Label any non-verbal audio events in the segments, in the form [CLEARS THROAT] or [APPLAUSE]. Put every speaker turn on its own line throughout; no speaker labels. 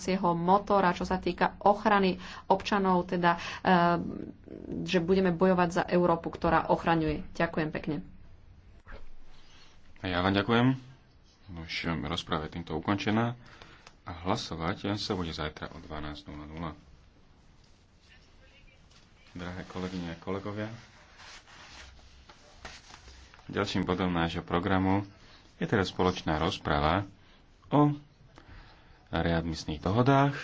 z jeho motora, čo sa týka ochrany občanov, teda eh, že budeme bojovať za Európu, ktorá ochraňuje. Ďakujem pekne.
A ja vám ďakujem. Už rozpráva je týmto ukončená a hlasovať sa bude zajtra o 12.00. Drahé kolegyne a kolegovia, ďalším bodom nášho programu je teraz spoločná rozprava o readmisných dohodách.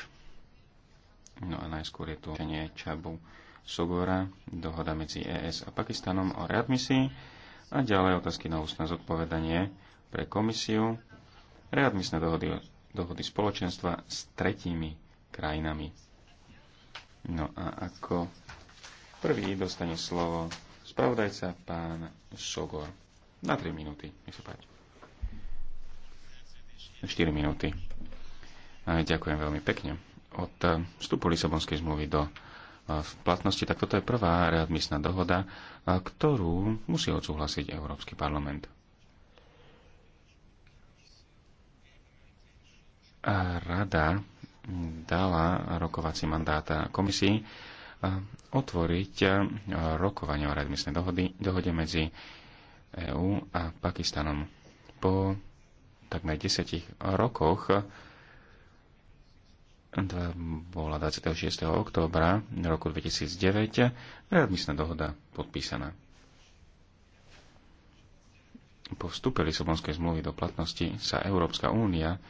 No a najskôr je tu Čabu Sugora, dohoda medzi ES a Pakistanom o readmisii a ďalej otázky na ústne zodpovedanie pre komisiu, readmisné dohody, dohody spoločenstva s tretími krajinami. No a ako prvý dostane slovo spravodajca pán Sogor. Na 3 minúty, nech sa páči. 4 minúty. Ďakujem veľmi pekne. Od e, vstupu Lisabonskej zmluvy do e, platnosti, tak toto je prvá readmisná dohoda, e, ktorú musí odsúhlasiť Európsky parlament. Rada dala rokovací mandát komisii otvoriť rokovanie o readmisnej dohody, dohode medzi EÚ a Pakistanom. Po takmer 10 rokoch bola 26. októbra roku 2009 readmisná dohoda podpísaná. Po vstupe Lisobonskej zmluvy do platnosti sa Európska únia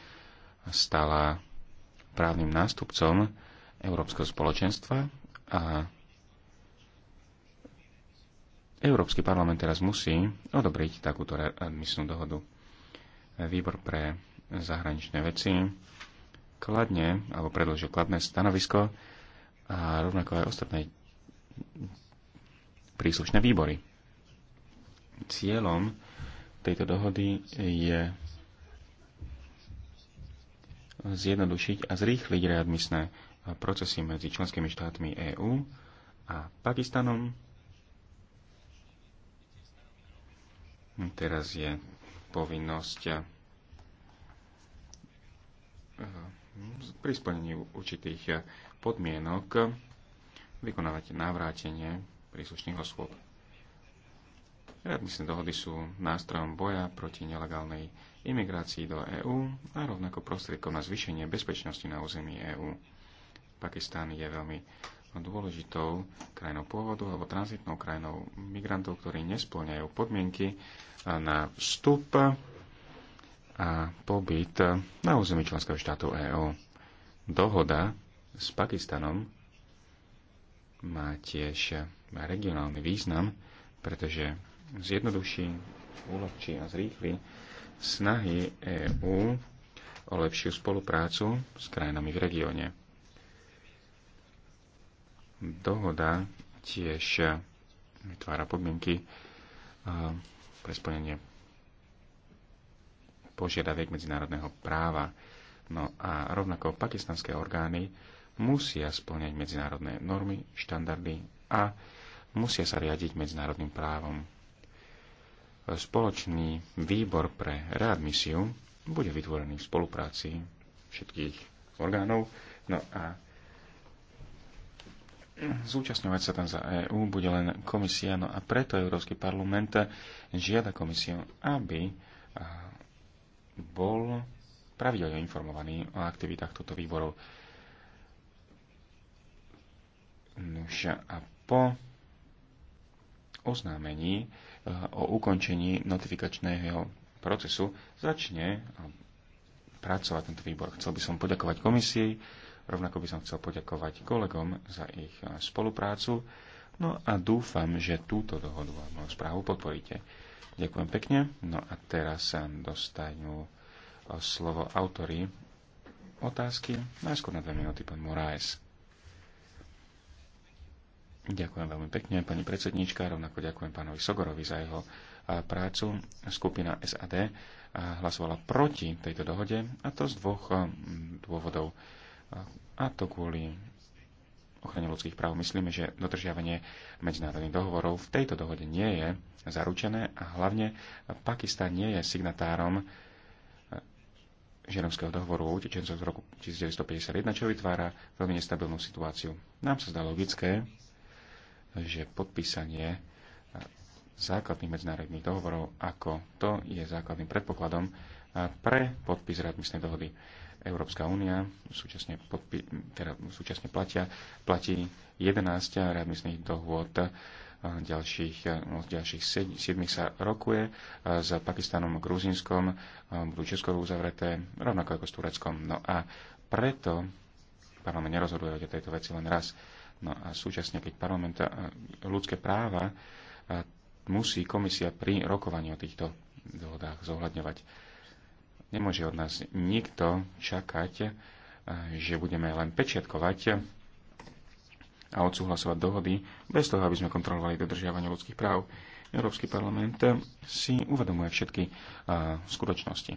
stala právnym nástupcom Európskeho spoločenstva a Európsky parlament teraz musí odobriť takúto readmisnú dohodu. Výbor pre zahraničné veci kladne, alebo predložil kladné stanovisko a rovnako aj ostatné príslušné výbory. Cieľom tejto dohody je zjednodušiť a zrýchliť readmisné procesy medzi členskými štátmi EÚ a Pakistanom. Teraz je povinnosť eh, pri splnení určitých eh, podmienok vykonávať navrátenie príslušných osôb. Readmisné dohody sú nástrojom boja proti nelegálnej imigrácii do EÚ a rovnako prostriedkom na zvýšenie bezpečnosti na území EÚ. Pakistán je veľmi dôležitou krajinou pôvodu alebo tranzitnou krajinou migrantov, ktorí nesplňajú podmienky eh, na vstup a pobyt na území členského štátu EÚ. Dohoda s Pakistanom má tiež regionálny význam, pretože zjednoduší, uľahčí a zrýchli snahy EÚ o lepšiu spoluprácu s krajinami v regióne. Dohoda tiež vytvára podmienky pre splnenie požiadaviek medzinárodného práva. No a rovnako pakistanské orgány musia splňať medzinárodné normy, štandardy a musia sa riadiť medzinárodným právom. Spoločný výbor pre readmisiu bude vytvorený v spolupráci všetkých orgánov. No a zúčastňovať sa tam za EÚ bude len komisia, no a preto Európsky parlament žiada komisiu, aby bol pravidelne informovaný o aktivitách tohto výboru. Nuša a po oznámení eh, o ukončení notifikačného procesu začne eh, pracovať tento výbor. Chcel by som poďakovať komisii, rovnako by som chcel poďakovať kolegom za ich eh, spoluprácu. No a dúfam, že túto dohodu a moju správu podporíte. Ďakujem pekne. No a teraz sa dostanú slovo autory otázky. Najskôr na dve minúty pán Moraes. Ďakujem veľmi pekne, pani predsedníčka, rovnako ďakujem pánovi Sogorovi za jeho prácu. Skupina SAD hlasovala proti tejto dohode a to z dvoch dôvodov. A to kvôli ochrane ľudských práv. Myslíme, že dodržiavanie medzinárodných dohovorov v tejto dohode nie je zaručené a hlavne Pakistan nie je signatárom Ženevského dohovoru o utečencoch z roku 1951, čo vytvára veľmi nestabilnú situáciu. Nám sa zdá logické, že podpísanie základných medzinárodných dohovorov ako to je základným predpokladom pre podpis readmisnej dohody. Európska únia súčasne, podpi, teda súčasne platia, platí 11 readmisných dohôd ďalších, e, no, ďalších 7 sa rokuje. E, s Pakistanom, Gruzinskom e, budú Českou uzavreté, rovnako ako s Tureckom. No a preto parlament nerozhoduje o tejto veci len raz. No a súčasne, keď parlament ľudské práva musí komisia pri rokovaní o týchto dohodách zohľadňovať. Nemôže od nás nikto čakať, že budeme len pečiatkovať a odsúhlasovať dohody bez toho, aby sme kontrolovali dodržiavanie ľudských práv. Európsky parlament si uvedomuje všetky uh, skutočnosti.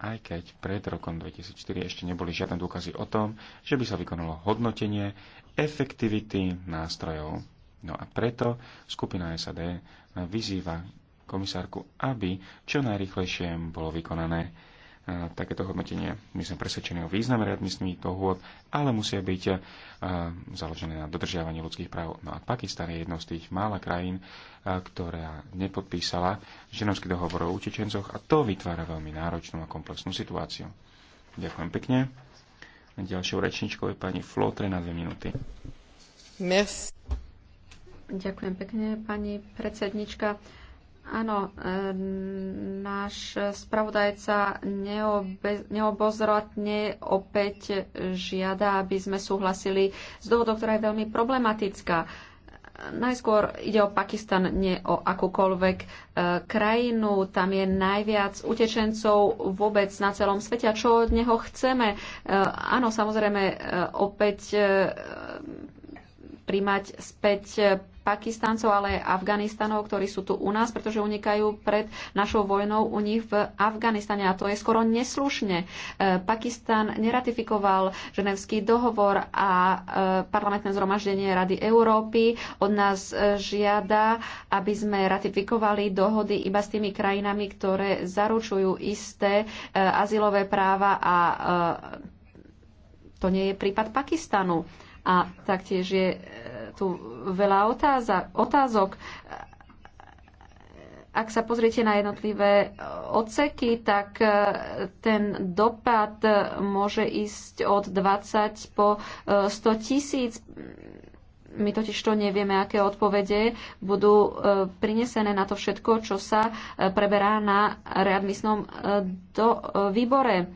Aj keď pred rokom 2004 ešte neboli žiadne dôkazy o tom, že by sa vykonalo hodnotenie efektivity nástrojov. No a preto skupina SAD vyzýva komisárku, aby čo najrychlejšie bolo vykonané takéto hodnotenie. My sme presvedčení o význame readmisných dohôd, ale musia byť založené na dodržiavaní ľudských práv. No a Pakistan je jednou z tých mála krajín, ktorá nepodpísala ženovský dohovor o utečencoch a to vytvára veľmi náročnú a komplexnú situáciu. Ďakujem pekne. Ďalšou rečničkou je pani Flotre na dve minúty.
Merci. Ďakujem pekne, pani predsednička. Áno, e, náš spravodajca neobe, neobozratne opäť žiada, aby sme súhlasili s dôvodom, ktorá je veľmi problematická. Najskôr ide o Pakistan, nie o akúkoľvek e, krajinu. Tam je najviac utečencov vôbec na celom svete. A čo od neho chceme? E, áno, samozrejme, opäť príjmať späť Pakistáncov, ale aj Afganistanov, ktorí sú tu u nás, pretože unikajú pred našou vojnou u nich v Afganistane. A to je skoro neslušne. E, Pakistan neratifikoval ženevský dohovor a e, parlamentné zhromaždenie Rady Európy od nás e, žiada, aby sme ratifikovali dohody iba s tými krajinami, ktoré zaručujú isté azylové práva a to nie je prípad Pakistanu a taktiež je e, tu veľa otázok. Ak sa pozriete na jednotlivé e, odseky, tak e, ten dopad môže ísť od 20 po 100 tisíc. My totiž to nevieme, aké odpovede budú prinesené na to všetko, čo sa preberá na readmisnom výbore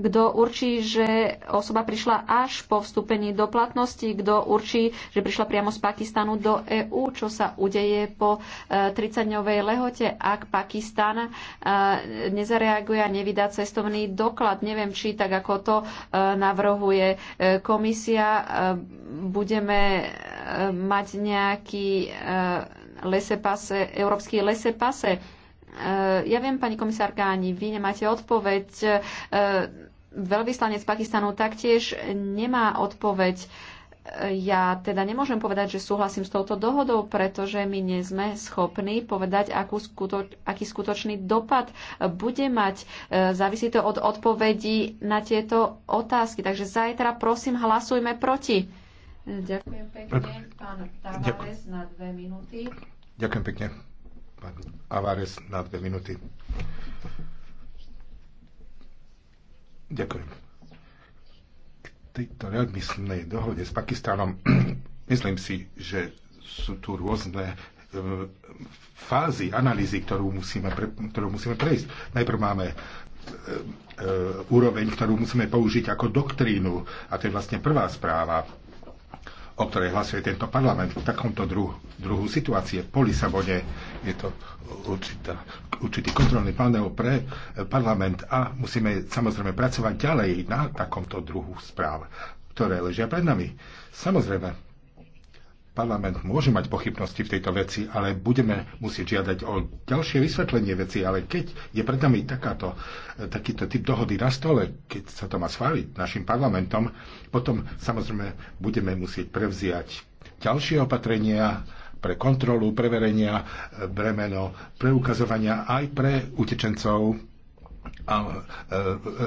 kto určí, že osoba prišla až po vstúpení do platnosti, kto určí, že prišla priamo z Pakistanu do EÚ, čo sa udeje po 30-dňovej e, lehote, ak Pakistan e, nezareaguje a nevydá cestovný doklad. Neviem, či tak ako to e, navrhuje komisia, budeme mať nejaký lesepase, európsky lesepase Eh, ja viem, pani komisárka, ani vy nemáte odpoveď. Eh, veľvyslanec Pakistanu taktiež nemá odpoveď. Eh, ja teda nemôžem povedať, že súhlasím s touto dohodou, pretože my nie sme schopní povedať, akú skutoč, aký skutočný dopad bude mať. Závisí to od odpovedí na tieto otázky. Takže zajtra prosím hlasujme proti. Ďakujem
pekne, pán Tavares,
na dve minúty.
Ďakujem pekne. Pán Avares na dve minúty. Ďakujem. K tejto readmisnej dohode s Pakistanom [CLEARS THROAT] myslím si, že sú tu rôzne e, fázy analýzy, ktorú musíme, pre, ktorú musíme prejsť. Najprv máme e, e, úroveň, ktorú musíme použiť ako doktrínu. A to je vlastne prvá správa o ktorej hlasuje tento parlament v takomto druhu, druhu situácie po Lisabone. Je to určitá, určitý kontrolný panel pre parlament a musíme samozrejme pracovať ďalej na takomto druhu správ, ktoré ležia pred nami. Samozrejme, parlament môže mať pochybnosti v tejto veci, ale budeme musieť žiadať o ďalšie vysvetlenie veci, ale keď je pred nami takáto, e, takýto typ dohody na stole, keď sa to má schváliť našim parlamentom, potom samozrejme budeme musieť prevziať ďalšie opatrenia pre kontrolu, preverenia, e, bremeno, preukazovania aj pre utečencov a e,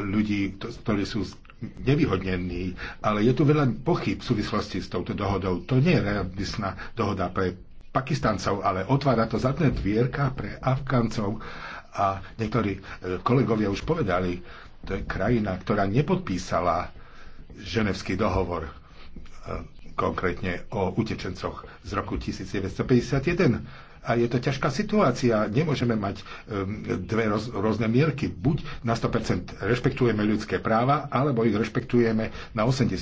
ľudí, ktorí sú z nevyhodnený, ale je tu veľa pochyb v súvislosti s touto dohodou. To nie je realistná dohoda pre Pakistancov, ale otvára to zadné dvierka pre Afgáncov a niektorí e, kolegovia už povedali, to je krajina, ktorá nepodpísala ženevský dohovor e, konkrétne o utečencoch z roku 1951 a je to ťažká situácia. Nemôžeme mať dve roz, rôzne mierky. Buď na 100% rešpektujeme ľudské práva, alebo ich rešpektujeme na 80%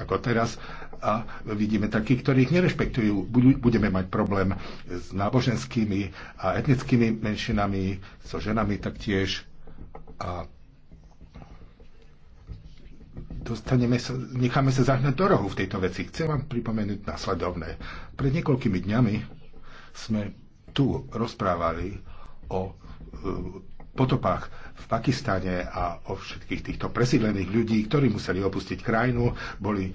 ako teraz. A vidíme takých, ktorí ich nerešpektujú. Budeme mať problém s náboženskými a etnickými menšinami, so ženami taktiež. A dostaneme sa, necháme sa zahnať do rohu v tejto veci. Chcem vám pripomenúť následovné. Pred niekoľkými dňami sme tu rozprávali o e, potopách v Pakistane a o všetkých týchto presídlených ľudí, ktorí museli opustiť krajinu, boli e,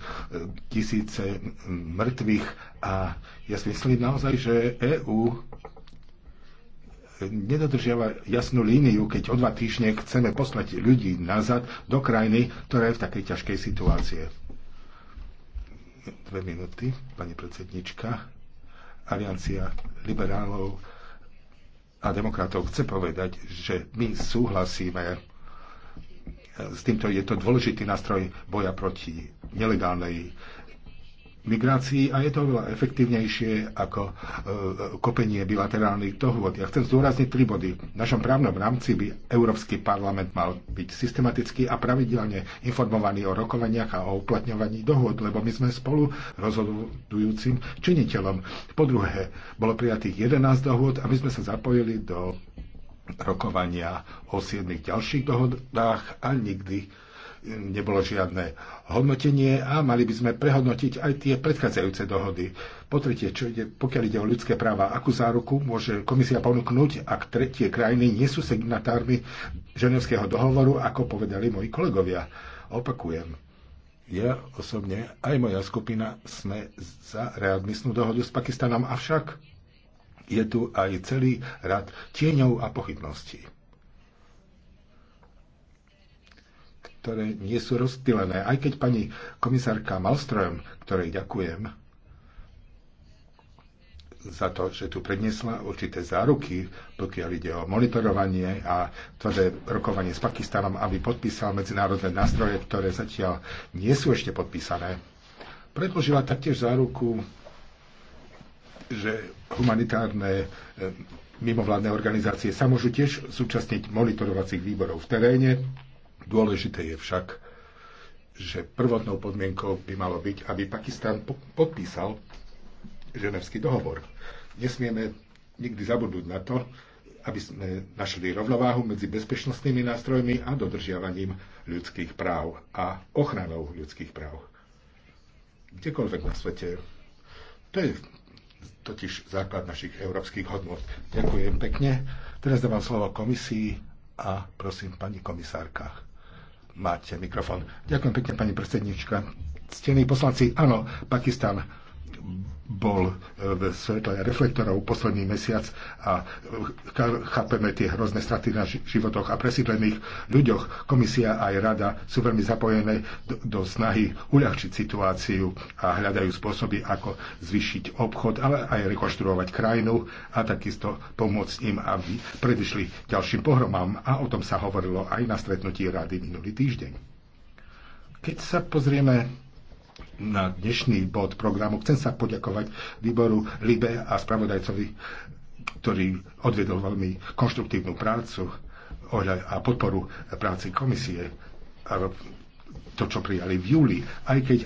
tisíce mŕtvych a ja si myslím naozaj, že EÚ nedodržiava jasnú líniu, keď o dva týždne chceme poslať ľudí nazad do krajiny, ktorá je v takej ťažkej situácie. Dve minúty, pani predsednička aliancia liberálov a demokratov chce povedať, že my súhlasíme s týmto, je to dôležitý nástroj boja proti nelegálnej migrácii a je to oveľa efektívnejšie ako e, kopenie bilaterálnych dohôd. Ja chcem zdôrazniť tri body. V našom právnom rámci by Európsky parlament mal byť systematicky a pravidelne informovaný o rokovaniach a o uplatňovaní dohôd, lebo my sme spolu rozhodujúcim činiteľom. Po druhé, bolo prijatých 11 dohôd a my sme sa zapojili do rokovania o 7 ďalších dohodách a nikdy nebolo žiadne hodnotenie a mali by sme prehodnotiť aj tie predchádzajúce dohody. Po tretie, čo ide, pokiaľ ide o ľudské práva, akú záruku môže komisia ponúknuť, ak tretie krajiny nie sú signatármi ženevského dohovoru, ako povedali moji kolegovia. Opakujem, ja osobne, aj moja skupina sme za readmisnú dohodu s Pakistanom, avšak je tu aj celý rad tieňov a pochybností. ktoré nie sú rozptýlené. Aj keď pani komisárka Malström, ktorej ďakujem za to, že tu predniesla určité záruky, pokiaľ ide o monitorovanie a tvrdé rokovanie s Pakistanom, aby podpísal medzinárodné nástroje, ktoré zatiaľ nie sú ešte podpísané. Predložila taktiež záruku, že humanitárne e, mimovládne organizácie sa môžu tiež zúčastniť monitorovacích výborov v teréne, Dôležité je však, že prvotnou podmienkou by malo byť, aby Pakistan podpísal ženevský dohovor. Nesmieme nikdy zabudnúť na to, aby sme našli rovnováhu medzi bezpečnostnými nástrojmi a dodržiavaním ľudských práv a ochranou ľudských práv. Kdekoľvek na svete. To je totiž základ našich európskych hodnot. Ďakujem pekne. Teraz dávam slovo komisii a prosím pani komisárka. Máte mikrofón. Ďakujem pekne, pani predsednička. Ctení poslanci, áno, Pakistan bol eh, v svetle reflektorov posledný mesiac a eh, chápeme tie hrozné straty na životoch a presídlených ľuďoch. Komisia aj rada sú veľmi zapojené do, do snahy uľahčiť situáciu a hľadajú spôsoby, ako zvyšiť obchod, ale aj rekonštruovať krajinu a takisto pomôcť im, aby predišli ďalším pohromám. A o tom sa hovorilo aj na stretnutí rady minulý týždeň. Keď sa pozrieme na dnešný bod programu. Chcem sa poďakovať výboru Libe a spravodajcovi, ktorý odvedol veľmi konštruktívnu prácu a podporu práci komisie a to, čo prijali v júli, aj keď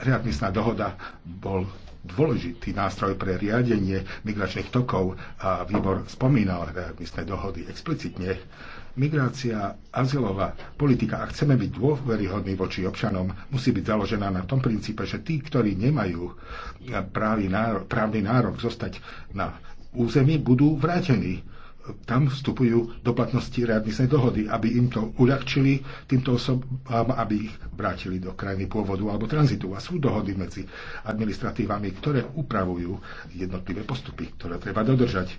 readmisná dohoda bol dôležitý nástroj pre riadenie migračných tokov a výbor spomínal readmisné eh, dohody explicitne. Migrácia, azylová politika, ak chceme byť dôveryhodní voči občanom, musí byť založená na tom princípe, že tí, ktorí nemajú eh, právny nárok, právny nárok zostať na území, budú vrátení tam vstupujú do platnosti readmisnej dohody, aby im to uľahčili týmto osobám, aby ich vrátili do krajiny pôvodu alebo tranzitu. A sú dohody medzi administratívami, ktoré upravujú jednotlivé postupy, ktoré treba dodržať.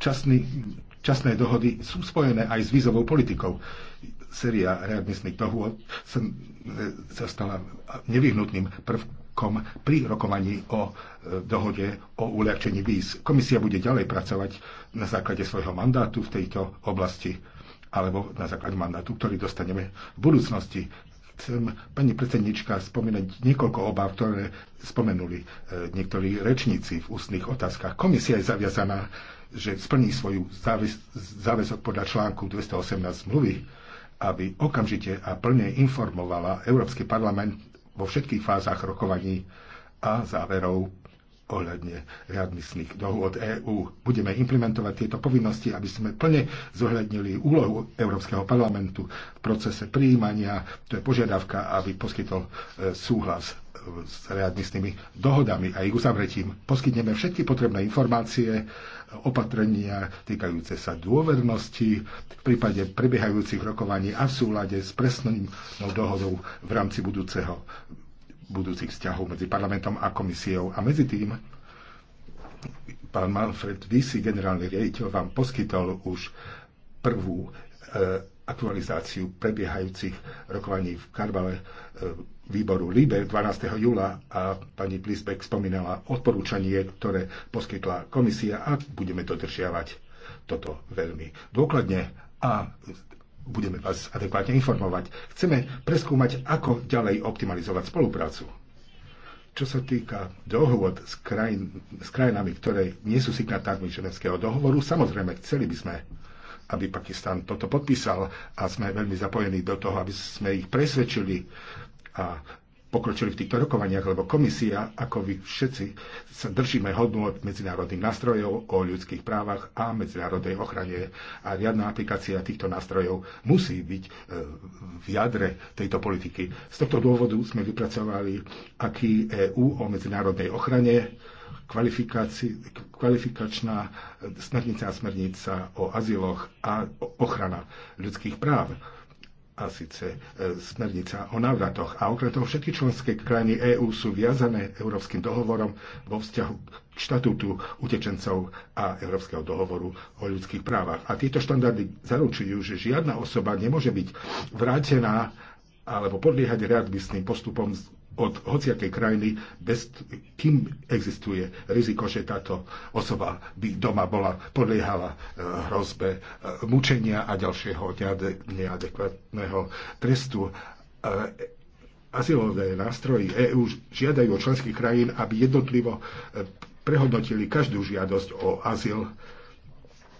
Včasný, včasné dohody sú spojené aj s vízovou politikou. Séria readmisných dohôd sa, e, sa stala nevyhnutným prvkom kom pri rokovaní o e, dohode o uľahčení víz. Komisia bude ďalej pracovať na základe svojho mandátu v tejto oblasti alebo na základe mandátu, ktorý dostaneme v budúcnosti. Chcem, pani predsednička, spomenúť niekoľko obáv, ktoré spomenuli e, niektorí rečníci v ústnych otázkach. Komisia je zaviazaná, že splní svoju záväz, záväzok podľa článku 218 zmluvy, aby okamžite a plne informovala Európsky parlament vo všetkých fázach rokovaní a záverov ohľadne readmisných dohôd EÚ. Budeme implementovať tieto povinnosti, aby sme plne zohľadnili úlohu Európskeho parlamentu v procese prijímania. To je požiadavka, aby poskytol e, súhlas s readmisnými dohodami a ich uzavretím. Poskytneme všetky potrebné informácie, opatrenia týkajúce sa dôvernosti v prípade prebiehajúcich rokovaní a v súlade s presnou dohodou v rámci budúceho, budúcich vzťahov medzi parlamentom a komisiou. A medzi tým pán Manfred Vysi, generálny riaditeľ, vám poskytol už prvú e, aktualizáciu prebiehajúcich rokovaní v Karbale e, výboru LIBE 12. júla a pani Plisbeck spomínala odporúčanie, ktoré poskytla komisia a budeme dodržiavať toto veľmi dôkladne a budeme vás adekvátne informovať. Chceme preskúmať, ako ďalej optimalizovať spoluprácu. Čo sa týka dohôd s, krajin, s krajinami, ktoré nie sú signatármi Ženevského dohovoru, samozrejme chceli by sme aby Pakistan toto podpísal a sme veľmi zapojení do toho, aby sme ich presvedčili a pokročili v týchto rokovaniach, lebo komisia, ako vy všetci, sa držíme od medzinárodných nástrojov o ľudských právach a medzinárodnej ochrane. A riadna aplikácia týchto nástrojov musí byť e, v jadre tejto politiky. Z tohto dôvodu sme vypracovali aký EÚ o medzinárodnej ochrane, kvalifikačná smernica a smernica o azyloch a ochrana ľudských práv a síce e, smernica o návratoch. A okrem toho všetky členské krajiny EÚ sú viazané Európskym dohovorom vo vzťahu k štatútu utečencov a Európskeho dohovoru o ľudských právach. A tieto štandardy zaručujú, že žiadna osoba nemôže byť vrátená alebo podliehať readmisným postupom od hociakej krajiny, bez, kým existuje riziko, že táto osoba by doma bola, podliehala e, hrozbe e, mučenia a ďalšieho neadekvátneho trestu. E, azylové nástroje EÚ žiadajú od členských krajín, aby jednotlivo prehodnotili každú žiadosť o azyl,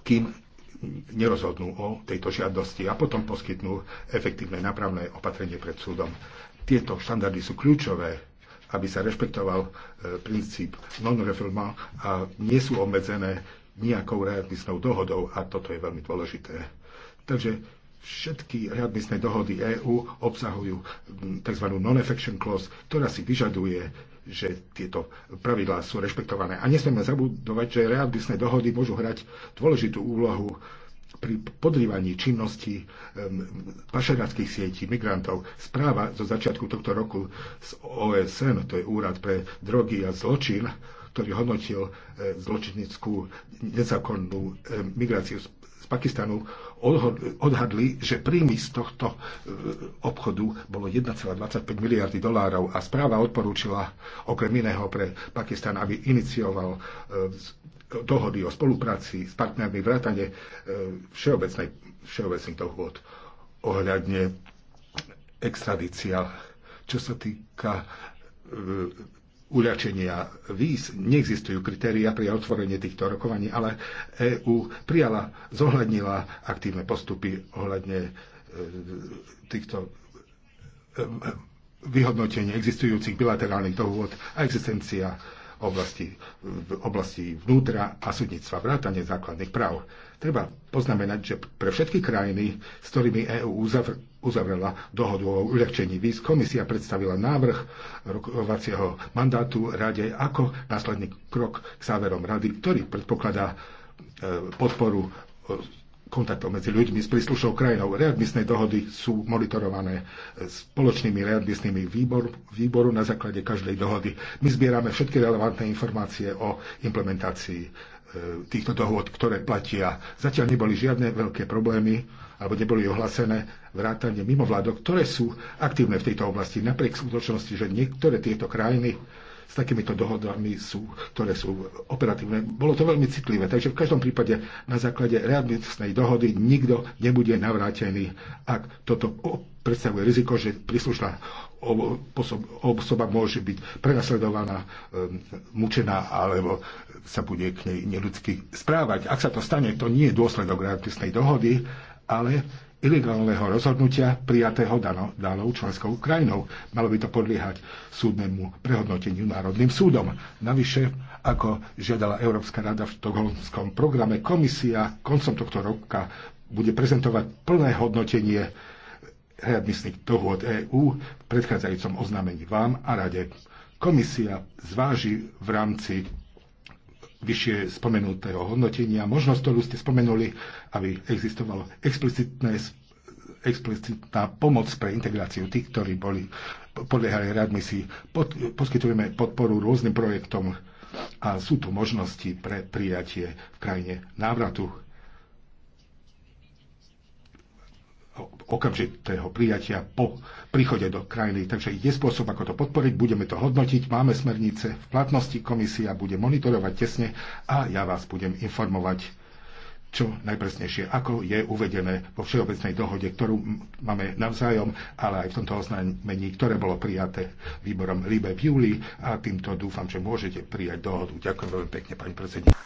kým nerozhodnú o tejto žiadosti a potom poskytnú efektívne nápravné opatrenie pred súdom. Tieto štandardy sú kľúčové, aby sa rešpektoval e, princíp non-refoulement a nie sú obmedzené nejakou readmisnou dohodou a toto je veľmi dôležité. Takže všetky readmisné dohody EÚ obsahujú tzv. non-affection clause, ktorá si vyžaduje že tieto pravidlá sú rešpektované. A nesmieme zabudovať, že readmisné dohody môžu hrať dôležitú úlohu pri podrývaní činnosti pašeráckých sietí migrantov. Správa zo začiatku tohto roku z OSN, to je Úrad pre drogy a zločin, ktorý hodnotil e, zločinickú nezákonnú e, migráciu z Pakistanu, odhadli, že príjmy z tohto e, obchodu bolo 1,25 miliardy dolárov a správa odporúčila okrem iného pre Pakistan, aby inicioval dohody o spolupráci s partnermi vrátane e, všeobecnej, všeobecných dohôd ohľadne extradícia. Čo sa týka e, uľačenia víz, neexistujú kritéria pri otvorení týchto rokovaní, ale EÚ prijala, zohľadnila aktívne postupy ohľadne e, týchto vyhodnotení existujúcich bilaterálnych dohôd a existencia oblasti, v oblasti vnútra a súdnictva, vrátane základných práv. Treba poznamenať, že pre všetky krajiny, s ktorými EÚ uzavr- uzavrela dohodu o uľahčení víz, komisia predstavila návrh rokovacieho mandátu rade ako následný krok k záverom rady, ktorý predpokladá e, podporu e, kontaktov medzi ľuďmi s príslušnou krajinou. Readmisné dohody sú monitorované spoločnými readmisnými výbor, výboru na základe každej dohody. My zbierame všetky relevantné informácie o implementácii e, týchto dohod, ktoré platia. Zatiaľ neboli žiadne veľké problémy alebo neboli ohlásené vrátanie mimovládok, ktoré sú aktívne v tejto oblasti, napriek skutočnosti, že niektoré tieto krajiny s takýmito dohodami, sú, ktoré sú operatívne. Bolo to veľmi citlivé, takže v každom prípade na základe readmisnej dohody nikto nebude navrátený, ak toto predstavuje riziko, že príslušná osoba môže byť prenasledovaná, um, mučená alebo sa bude k nej neludsky správať. Ak sa to stane, to nie je dôsledok readmisnej dohody, ale ilegálneho rozhodnutia prijatého danou členskou krajinou. Malo by to podliehať súdnemu prehodnoteniu Národným súdom. Navyše, ako žiadala Európska rada v Togolskom programe, komisia koncom tohto roka bude prezentovať plné hodnotenie readmisných dohôd EÚ v predchádzajúcom oznámení vám a rade. Komisia zváži v rámci vyššie spomenutého hodnotenia, možnosť, ktorú ste spomenuli, aby existovalo explicitné explicitná pomoc pre integráciu tých, ktorí boli podliehali readmisii. Pod, poskytujeme podporu rôznym projektom a sú tu možnosti pre prijatie v krajine návratu okamžitého prijatia po príchode do krajiny. Takže je spôsob, ako to podporiť, budeme to hodnotiť, máme smernice v platnosti, komisia bude monitorovať tesne a ja vás budem informovať čo najpresnejšie, ako je uvedené vo všeobecnej dohode, ktorú máme navzájom, ale aj v tomto oznámení, ktoré bolo prijaté výborom Libe v júli a týmto dúfam, že môžete prijať dohodu. Ďakujem veľmi pekne, pani predsedníčka.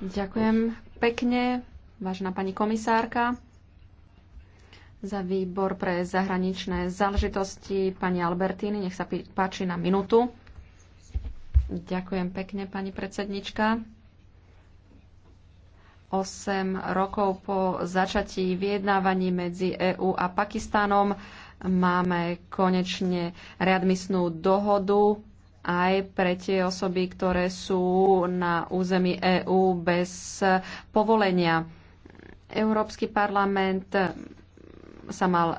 Ďakujem pekne, vážená pani komisárka. Za výbor pre zahraničné záležitosti pani Albertíny, nech sa páči na minútu. Ďakujem pekne, pani predsednička. 8 rokov po začatí vyjednávaní medzi EÚ a Pakistanom máme konečne readmisnú dohodu aj pre tie osoby, ktoré sú na území EÚ bez povolenia. Európsky parlament sa mal e,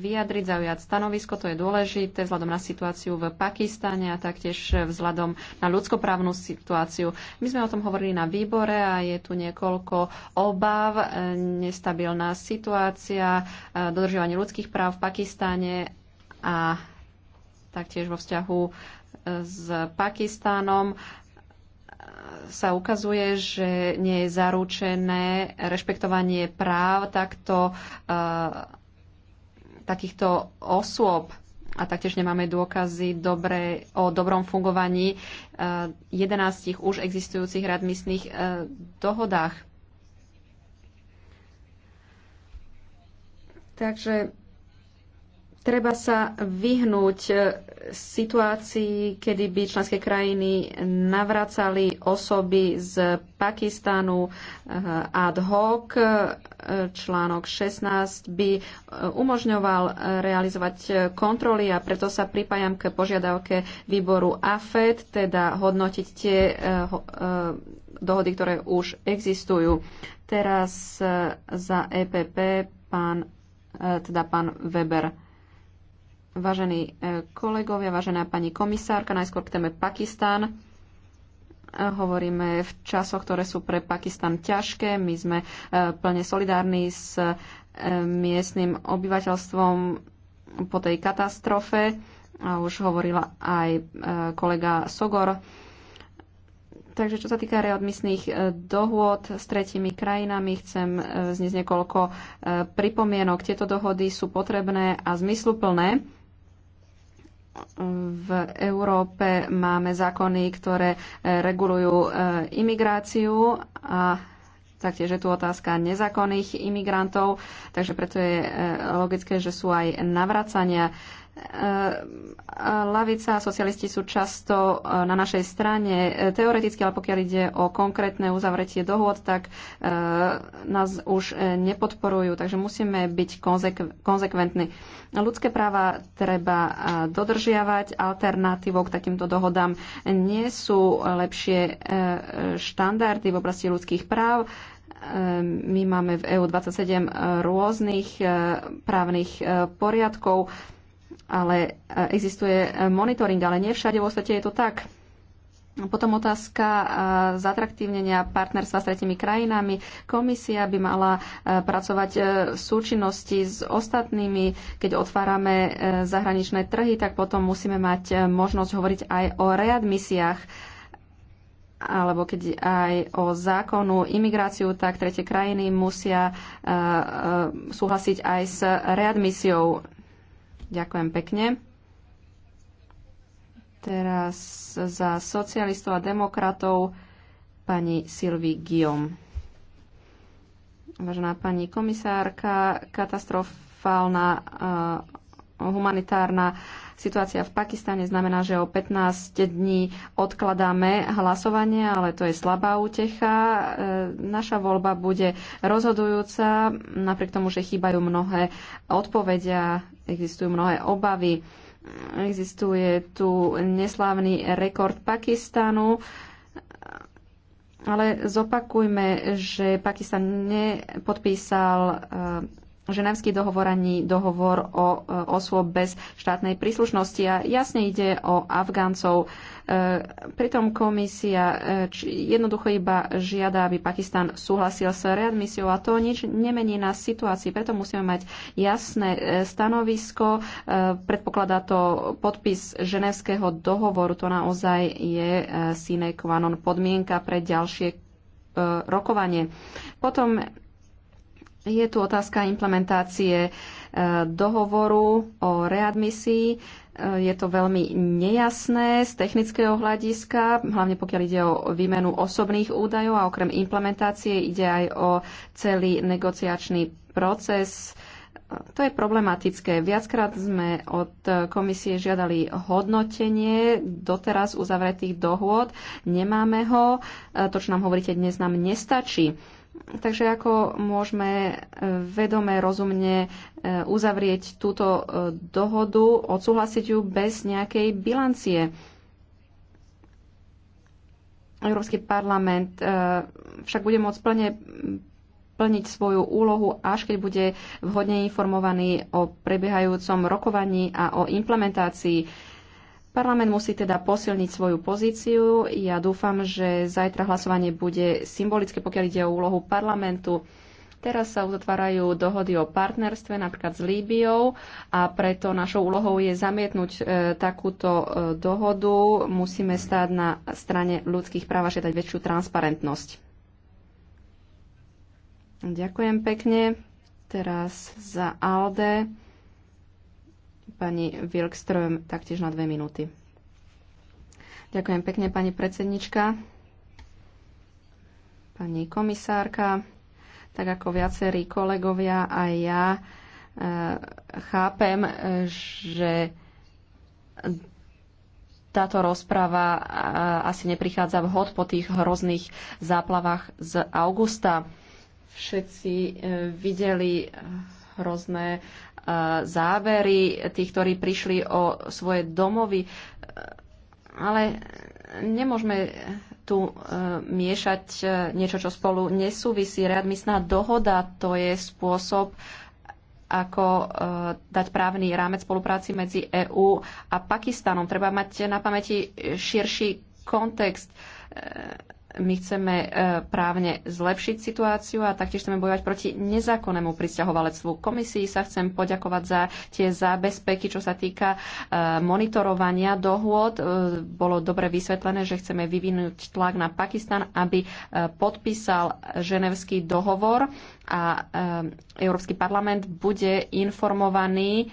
vyjadriť, zaujať stanovisko, to je dôležité vzhľadom na situáciu v Pakistane a taktiež vzhľadom na ľudskoprávnu situáciu. My sme o tom hovorili na výbore a je tu niekoľko obav: e, nestabilná situácia, e, dodržovanie ľudských práv v Pakistane a taktiež vo vzťahu s Pakistánom sa ukazuje, že nie je zaručené rešpektovanie práv takto takýchto osôb a taktiež nemáme dôkazy dobre, o dobrom fungovaní 11 eh, už existujúcich radmyslných eh, dohodách. Takže Treba sa vyhnúť e, situácii, kedy by členské krajiny navracali osoby z Pakistanu e, ad hoc. E, článok 16 by umožňoval realizovať kontroly a preto sa pripájam k požiadavke výboru AFED, teda hodnotiť tie dohody, ktoré už existujú. Teraz za EPP pán, teda pán Weber. Vážení e, kolegovia, vážená pani komisárka, najskôr k téme Pakistan. E, hovoríme v časoch, ktoré sú pre Pakistan ťažké. My sme e, plne solidárni s miestnym obyvateľstvom po tej katastrofe. A už hovorila aj kolega Sogor. Takže čo sa týka readmisných dohôd s tretimi krajinami, chcem zniesť niekoľko pripomienok. Tieto dohody sú potrebné a zmysluplné v Európe máme zákony, ktoré e, regulujú e, imigráciu a taktiež je tu otázka nezákonných imigrantov, takže preto je e, logické, že sú aj navracania Lavica a socialisti sú často e, na našej strane e, teoreticky, ale pokiaľ ide o konkrétne uzavretie dohôd, tak e, nás už nepodporujú, takže musíme byť konzek- konzekventní. Ľudské práva treba dodržiavať, alternatívou k takýmto dohodám nie sú lepšie štandardy v oblasti ľudských práv, my máme v EU 27 rôznych právnych poriadkov ale e, existuje e, monitoring, ale nie všade vo svete je to tak. Potom otázka e, zatraktívnenia partnerstva s tretimi krajinami. Komisia by mala pracovať v súčinnosti s ostatnými. Keď otvárame zahraničné trhy, tak potom musíme mať možnosť hovoriť aj o readmisiách alebo keď aj o zákonu imigráciu, tak tretie krajiny musia súhlasiť aj s readmisiou Ďakujem pekne. Teraz za socialistov a demokratov pani Silvi Guillaume. Vážená pani komisárka, katastrofálna uh, humanitárna Situácia v Pakistane znamená, že o 15 dní odkladáme hlasovanie, ale to je slabá útecha. E, naša voľba bude rozhodujúca, napriek tomu, že chýbajú mnohé odpovedia, existujú mnohé obavy. Existuje tu neslávny rekord Pakistanu, ale zopakujme, že Pakistan nepodpísal e, Ženevský dohovor ani dohovor o e, osôb bez štátnej príslušnosti a jasne ide o Afgáncov. E, pritom komisia e, jednoducho iba žiada, aby Pakistan súhlasil s readmisiou a to nič nemení na situácii. Preto musíme mať jasné stanovisko. Predpokladá to podpis Ženevského dohovoru. To naozaj je sine qua non podmienka pre ďalšie rokovanie. Potom je tu otázka implementácie e, dohovoru o readmisii. E, je to veľmi nejasné z technického hľadiska, hlavne pokiaľ ide o výmenu osobných údajov a okrem implementácie ide aj o celý negociačný proces. E, to je problematické. Viackrát sme od komisie žiadali hodnotenie doteraz uzavretých dohôd. Nemáme ho. To, čo nám hovoríte dnes, nám nestačí. Takže ako môžeme e, vedome, rozumne e, uzavrieť túto e, dohodu, odsúhlasiť ju bez nejakej bilancie? Európsky parlament však bude môcť plne plniť svoju úlohu, až keď bude vhodne informovaný o prebiehajúcom rokovaní a o implementácii Parlament musí teda posilniť svoju pozíciu. Ja dúfam, že zajtra hlasovanie bude symbolické, pokiaľ ide o úlohu parlamentu. Teraz sa uzatvárajú dohody o partnerstve, napríklad s Líbiou, a preto našou úlohou je zamietnúť e, takúto e, dohodu. Musíme stáť na strane ľudských práv a žiadať väčšiu transparentnosť. Ďakujem pekne. Teraz za ALDE pani Wilkström taktiež na dve minúty. Ďakujem pekne, pani predsednička, pani komisárka. Tak ako viacerí kolegovia, aj ja e, chápem, e, že táto rozprava e, asi neprichádza vhod po tých hrozných záplavách z augusta. Všetci e, videli hrozné závery tých, ktorí prišli o svoje domovy. Ale nemôžeme tu e, miešať e, niečo, čo spolu nesúvisí. Readmisná dohoda to je spôsob, ako e, dať právny rámec spolupráci medzi EÚ a Pakistanom. Treba mať na pamäti širší kontext my chceme e, právne zlepšiť situáciu a taktiež chceme bojovať proti nezákonnému pristahovalectvu. Komisii sa chcem poďakovať za tie zábezpeky, čo sa týka e, monitorovania dohôd. E, bolo dobre vysvetlené, že chceme vyvinúť tlak na Pakistan, aby podpísal ženevský dohovor a Európsky parlament bude informovaný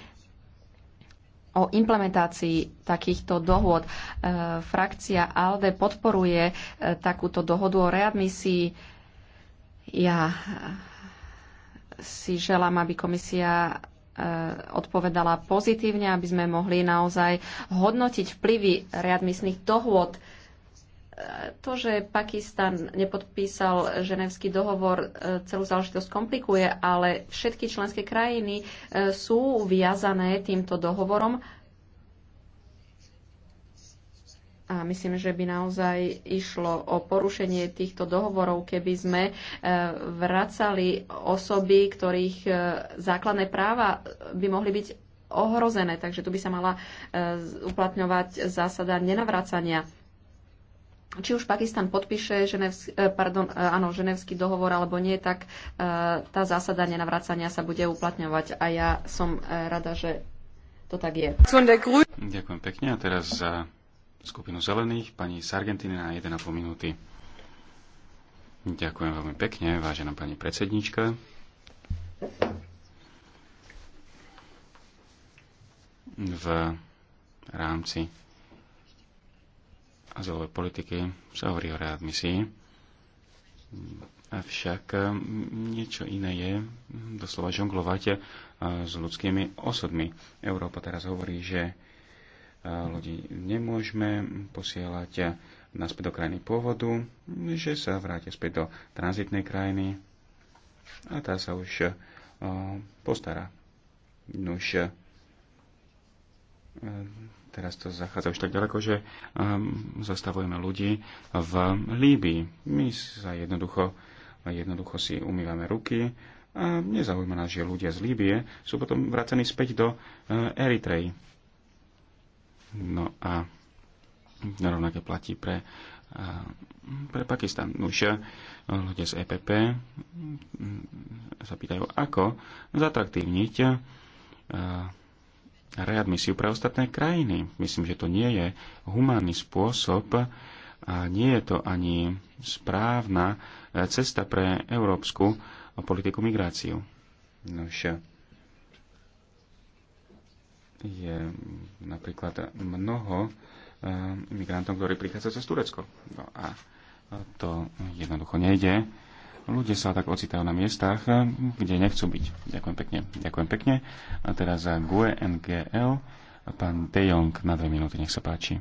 o implementácii takýchto dohôd. E, frakcia ALDE podporuje e, takúto dohodu o readmisii. Ja e, si želám, aby komisia odpovedala pozitívne, aby sme mohli naozaj hodnotiť vplyvy readmisných dohôd to, že Pakistan nepodpísal ženevský dohovor, e, celú záležitosť komplikuje, ale všetky členské krajiny e, sú viazané týmto dohovorom. A myslím, že by naozaj išlo o porušenie týchto dohovorov, keby sme e, vracali osoby, ktorých základné práva by mohli byť ohrozené. Takže tu by sa mala uplatňovať zásada nenavracania či už Pakistan podpíše ženevský, eh, pardon, eh, áno, ženevský dohovor alebo nie, tak eh, tá zásada nenavracania sa bude uplatňovať a ja som rada, že to tak je.
Ďakujem pekne a teraz za skupinu zelených pani z Argentíny na 1,5 minúty. Ďakujem veľmi pekne, vážená pani predsednička. V rámci azylovej politiky sa hovorí o readmisii, avšak niečo iné je doslova žonglovať e, s ľudskými osudmi. Európa teraz hovorí, že ľudí e, nemôžeme posielať e, naspäť do krajiny pôvodu, že sa vráte späť do tranzitnej krajiny a tá sa už postará. Nuž, teraz to zachádza už tak ďaleko, že um, zastavujeme ľudí v Líbii. My sa jednoducho, jednoducho si umývame ruky a nezaujíma nás, že ľudia z Líbie sú potom vracení späť do uh, Eritreji. No a rovnaké platí pre, uh, pre Pakistan. Už eh, ľudia z EPP mm, sa pýtajú, ako zatraktívniť uh, readmisiu pre ostatné krajiny. Myslím, že to nie je humánny spôsob a nie je to ani správna eh, cesta pre európsku politiku migráciu. Nož eh, je napríklad mnoho eh, migrantov, ktorí prichádzajú cez Turecko. No a to jednoducho nejde ľudia sa tak ocitajú na miestach, kde nechcú byť. Ďakujem pekne. Ďakujem pekne. A teraz za GUE NGL pán De Jong na dve minúty, nech sa páči.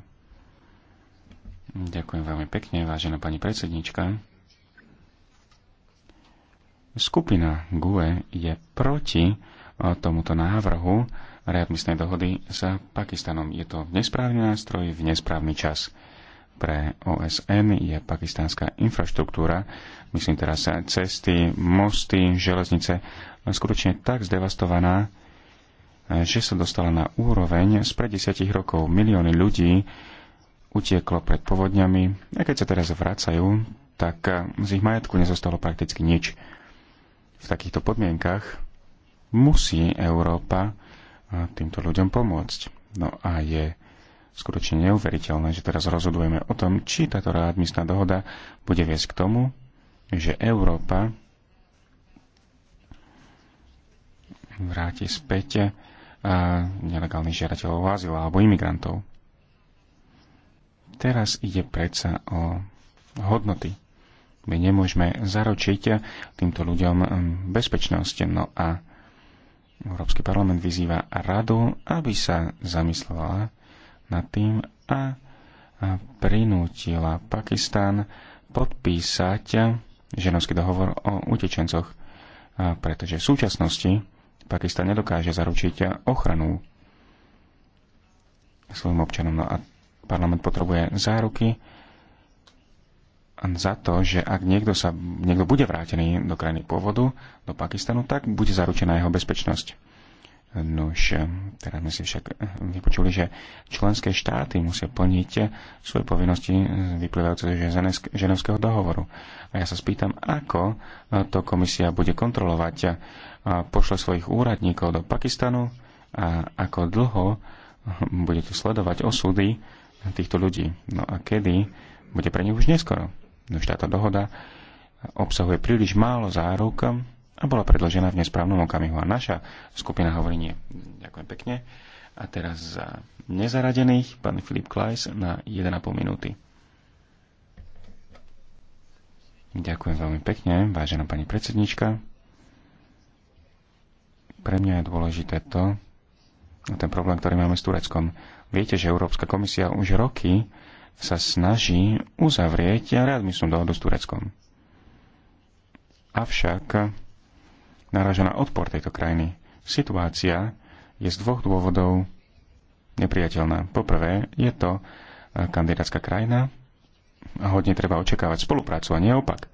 Ďakujem veľmi pekne, vážená pani predsednička. Skupina GUE je proti tomuto návrhu readmisnej dohody s Pakistanom. Je to nesprávny nástroj v nesprávny čas pre OSN je pakistánska infraštruktúra, myslím teraz cesty, mosty, železnice, skutočne tak zdevastovaná, že sa dostala na úroveň z pred desiatich rokov. Milióny ľudí utieklo pred povodňami a keď sa teraz vracajú, tak z ich majetku nezostalo prakticky nič. V takýchto podmienkach musí Európa týmto ľuďom pomôcť. No a je skutočne neuveriteľné, že teraz rozhodujeme o tom, či táto readmisná dohoda bude viesť k tomu, že Európa vráti späť nelegálnych žiadateľov azyl alebo imigrantov. Teraz ide predsa o hodnoty. My nemôžeme zaručiť týmto ľuďom bezpečnosť. No a Európsky parlament vyzýva radu, aby sa zamyslela nad tým a, prinútila Pakistan podpísať ženovský dohovor o utečencoch, pretože v súčasnosti Pakistan nedokáže zaručiť ochranu svojim občanom. No a parlament potrebuje záruky za to, že ak niekto, sa, niekto bude vrátený do krajiny pôvodu, do Pakistanu, tak bude zaručená jeho bezpečnosť. Nož, teraz sme si však vypočuli, že členské štáty musia plniť svoje povinnosti vyplývajúce z ženevského dohovoru. A ja sa spýtam, ako to komisia bude kontrolovať. Pošle svojich úradníkov do Pakistanu a ako dlho budete sledovať osudy týchto ľudí. No a kedy bude pre nich už neskoro. Už táto dohoda obsahuje príliš málo záruk a bola predložená v nesprávnom okamihu. A naša skupina hovorí nie. Ďakujem pekne. A teraz za nezaradených pán Filip Klajs na 1,5 minúty. Ďakujem veľmi pekne, vážená pani predsednička. Pre mňa je dôležité to, ten problém, ktorý máme s Tureckom. Viete, že Európska komisia už roky sa snaží uzavrieť readmisnú dohodu s Tureckom. Avšak naráža na odpor tejto krajiny. Situácia je z dvoch dôvodov nepriateľná. Poprvé, je to e, kandidátska krajina a hodne treba očakávať spoluprácu a neopak.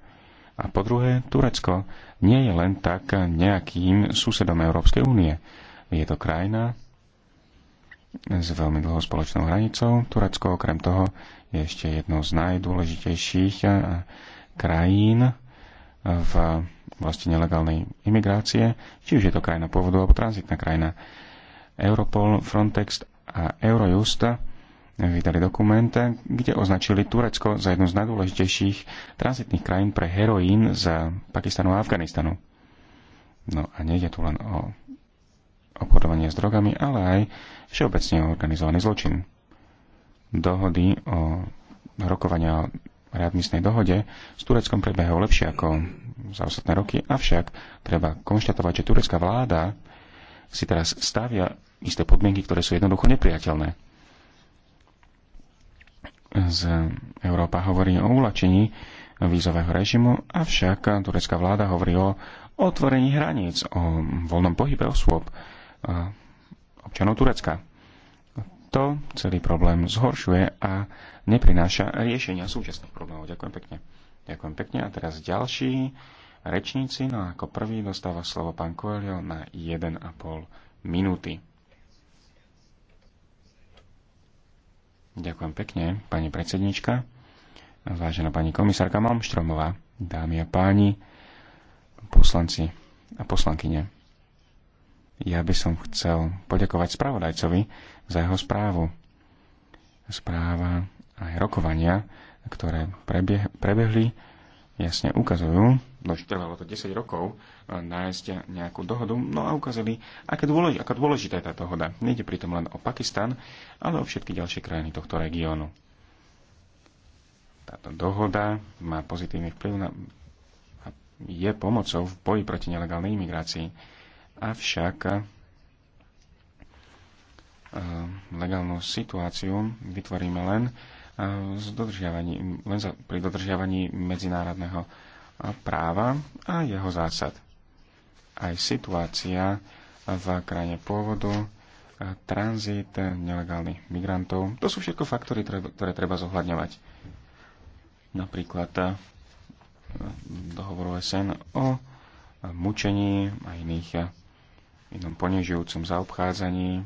A po druhé, Turecko nie je len tak nejakým susedom Európskej únie. Je to krajina s veľmi dlhou spoločnou hranicou. Turecko okrem toho je ešte jednou z najdôležitejších e, krajín v vlasti nelegálnej imigrácie, či už je to krajina pôvodu alebo tranzitná krajina. Europol, Frontex a Eurojust vydali dokument, kde označili Turecko za jednu z najdôležitejších tranzitných krajín pre heroín z Pakistanu a Afganistanu. No a nejde tu len o obchodovanie s drogami, ale aj všeobecne organizovaný zločin. Dohody o rokovania o readmisnej dohode s Tureckom prebehol lepšie ako za ostatné roky, avšak treba konštatovať, že turecká vláda si teraz stavia isté podmienky, ktoré sú jednoducho nepriateľné. Z Európa hovorí o uľačení vízového režimu, avšak turecká vláda hovorí o otvorení hraníc, o voľnom pohybe osôb občanov Turecka to celý problém zhoršuje a neprináša riešenia súčasných problémov. Ďakujem pekne. Ďakujem pekne. A teraz ďalší rečníci. No a ako prvý dostáva slovo pán Coelho na 1,5 minúty. Ďakujem pekne, pani predsednička. Vážená pani komisárka Malmštromová, dámy a páni, poslanci a poslankyne. Ja by som chcel poďakovať spravodajcovi za jeho správu. Správa aj rokovania, ktoré prebieh, prebehli, jasne ukazujú, no trvalo to 10 rokov e, nájsť nejakú dohodu, no a ukázali, aká dôležitá, aká dôležitá je tá dohoda. Nejde pritom len o Pakistan, ale o všetky ďalšie krajiny tohto regiónu. Táto dohoda má pozitívny vplyv na je pomocou v boji proti nelegálnej imigrácii. Avšak Eh, legálnu situáciu vytvoríme len, s eh, len za, pri dodržiavaní medzinárodného eh, práva a jeho zásad. Aj situácia v krajine pôvodu, tranzit nelegálnych migrantov, to sú všetko faktory, ktoré treba zohľadňovať. Napríklad dohovoru SN o mučení a iných inom ponižujúcom zaobchádzaní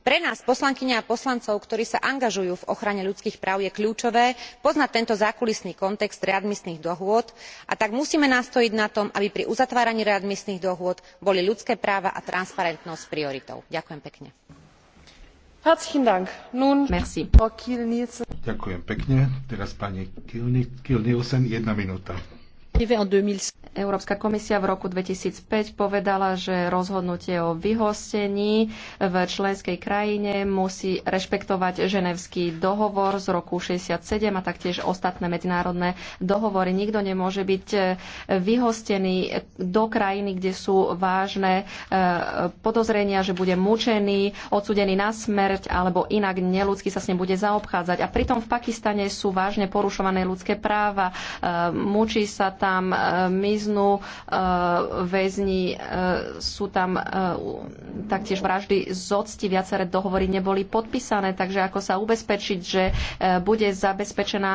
pre nás poslankyne a poslancov ktorí sa angažujú v ochrane ľudských práv je kľúčové poznať tento zákulisný kontext readmisných dohôd a tak musíme nastojiť na tom aby pri uzatváraní readmisných dohôd boli ľudské práva a transparentnosť prioritou. ďakujem pekne.
Ďakujem pekne. Teraz pani jedna minúta.
Európska komisia v roku 2005 povedala, že rozhodnutie o vyhostení v členskej krajine musí rešpektovať ženevský dohovor z roku 67 a taktiež ostatné medzinárodné dohovory. Nikto nemôže byť e, vyhostený do krajiny, kde sú vážne e, podozrenia, že bude mučený, odsudený na smrť alebo inak neludsky sa s ním bude zaobchádzať. A pritom v Pakistane sú vážne porušované ľudské práva, e, mučí sa tam tam e, miznú e, väzni, e, sú tam taktiež vraždy z octi, viaceré dohovory neboli podpísané, takže ako sa ubezpečiť, že bude zabezpečená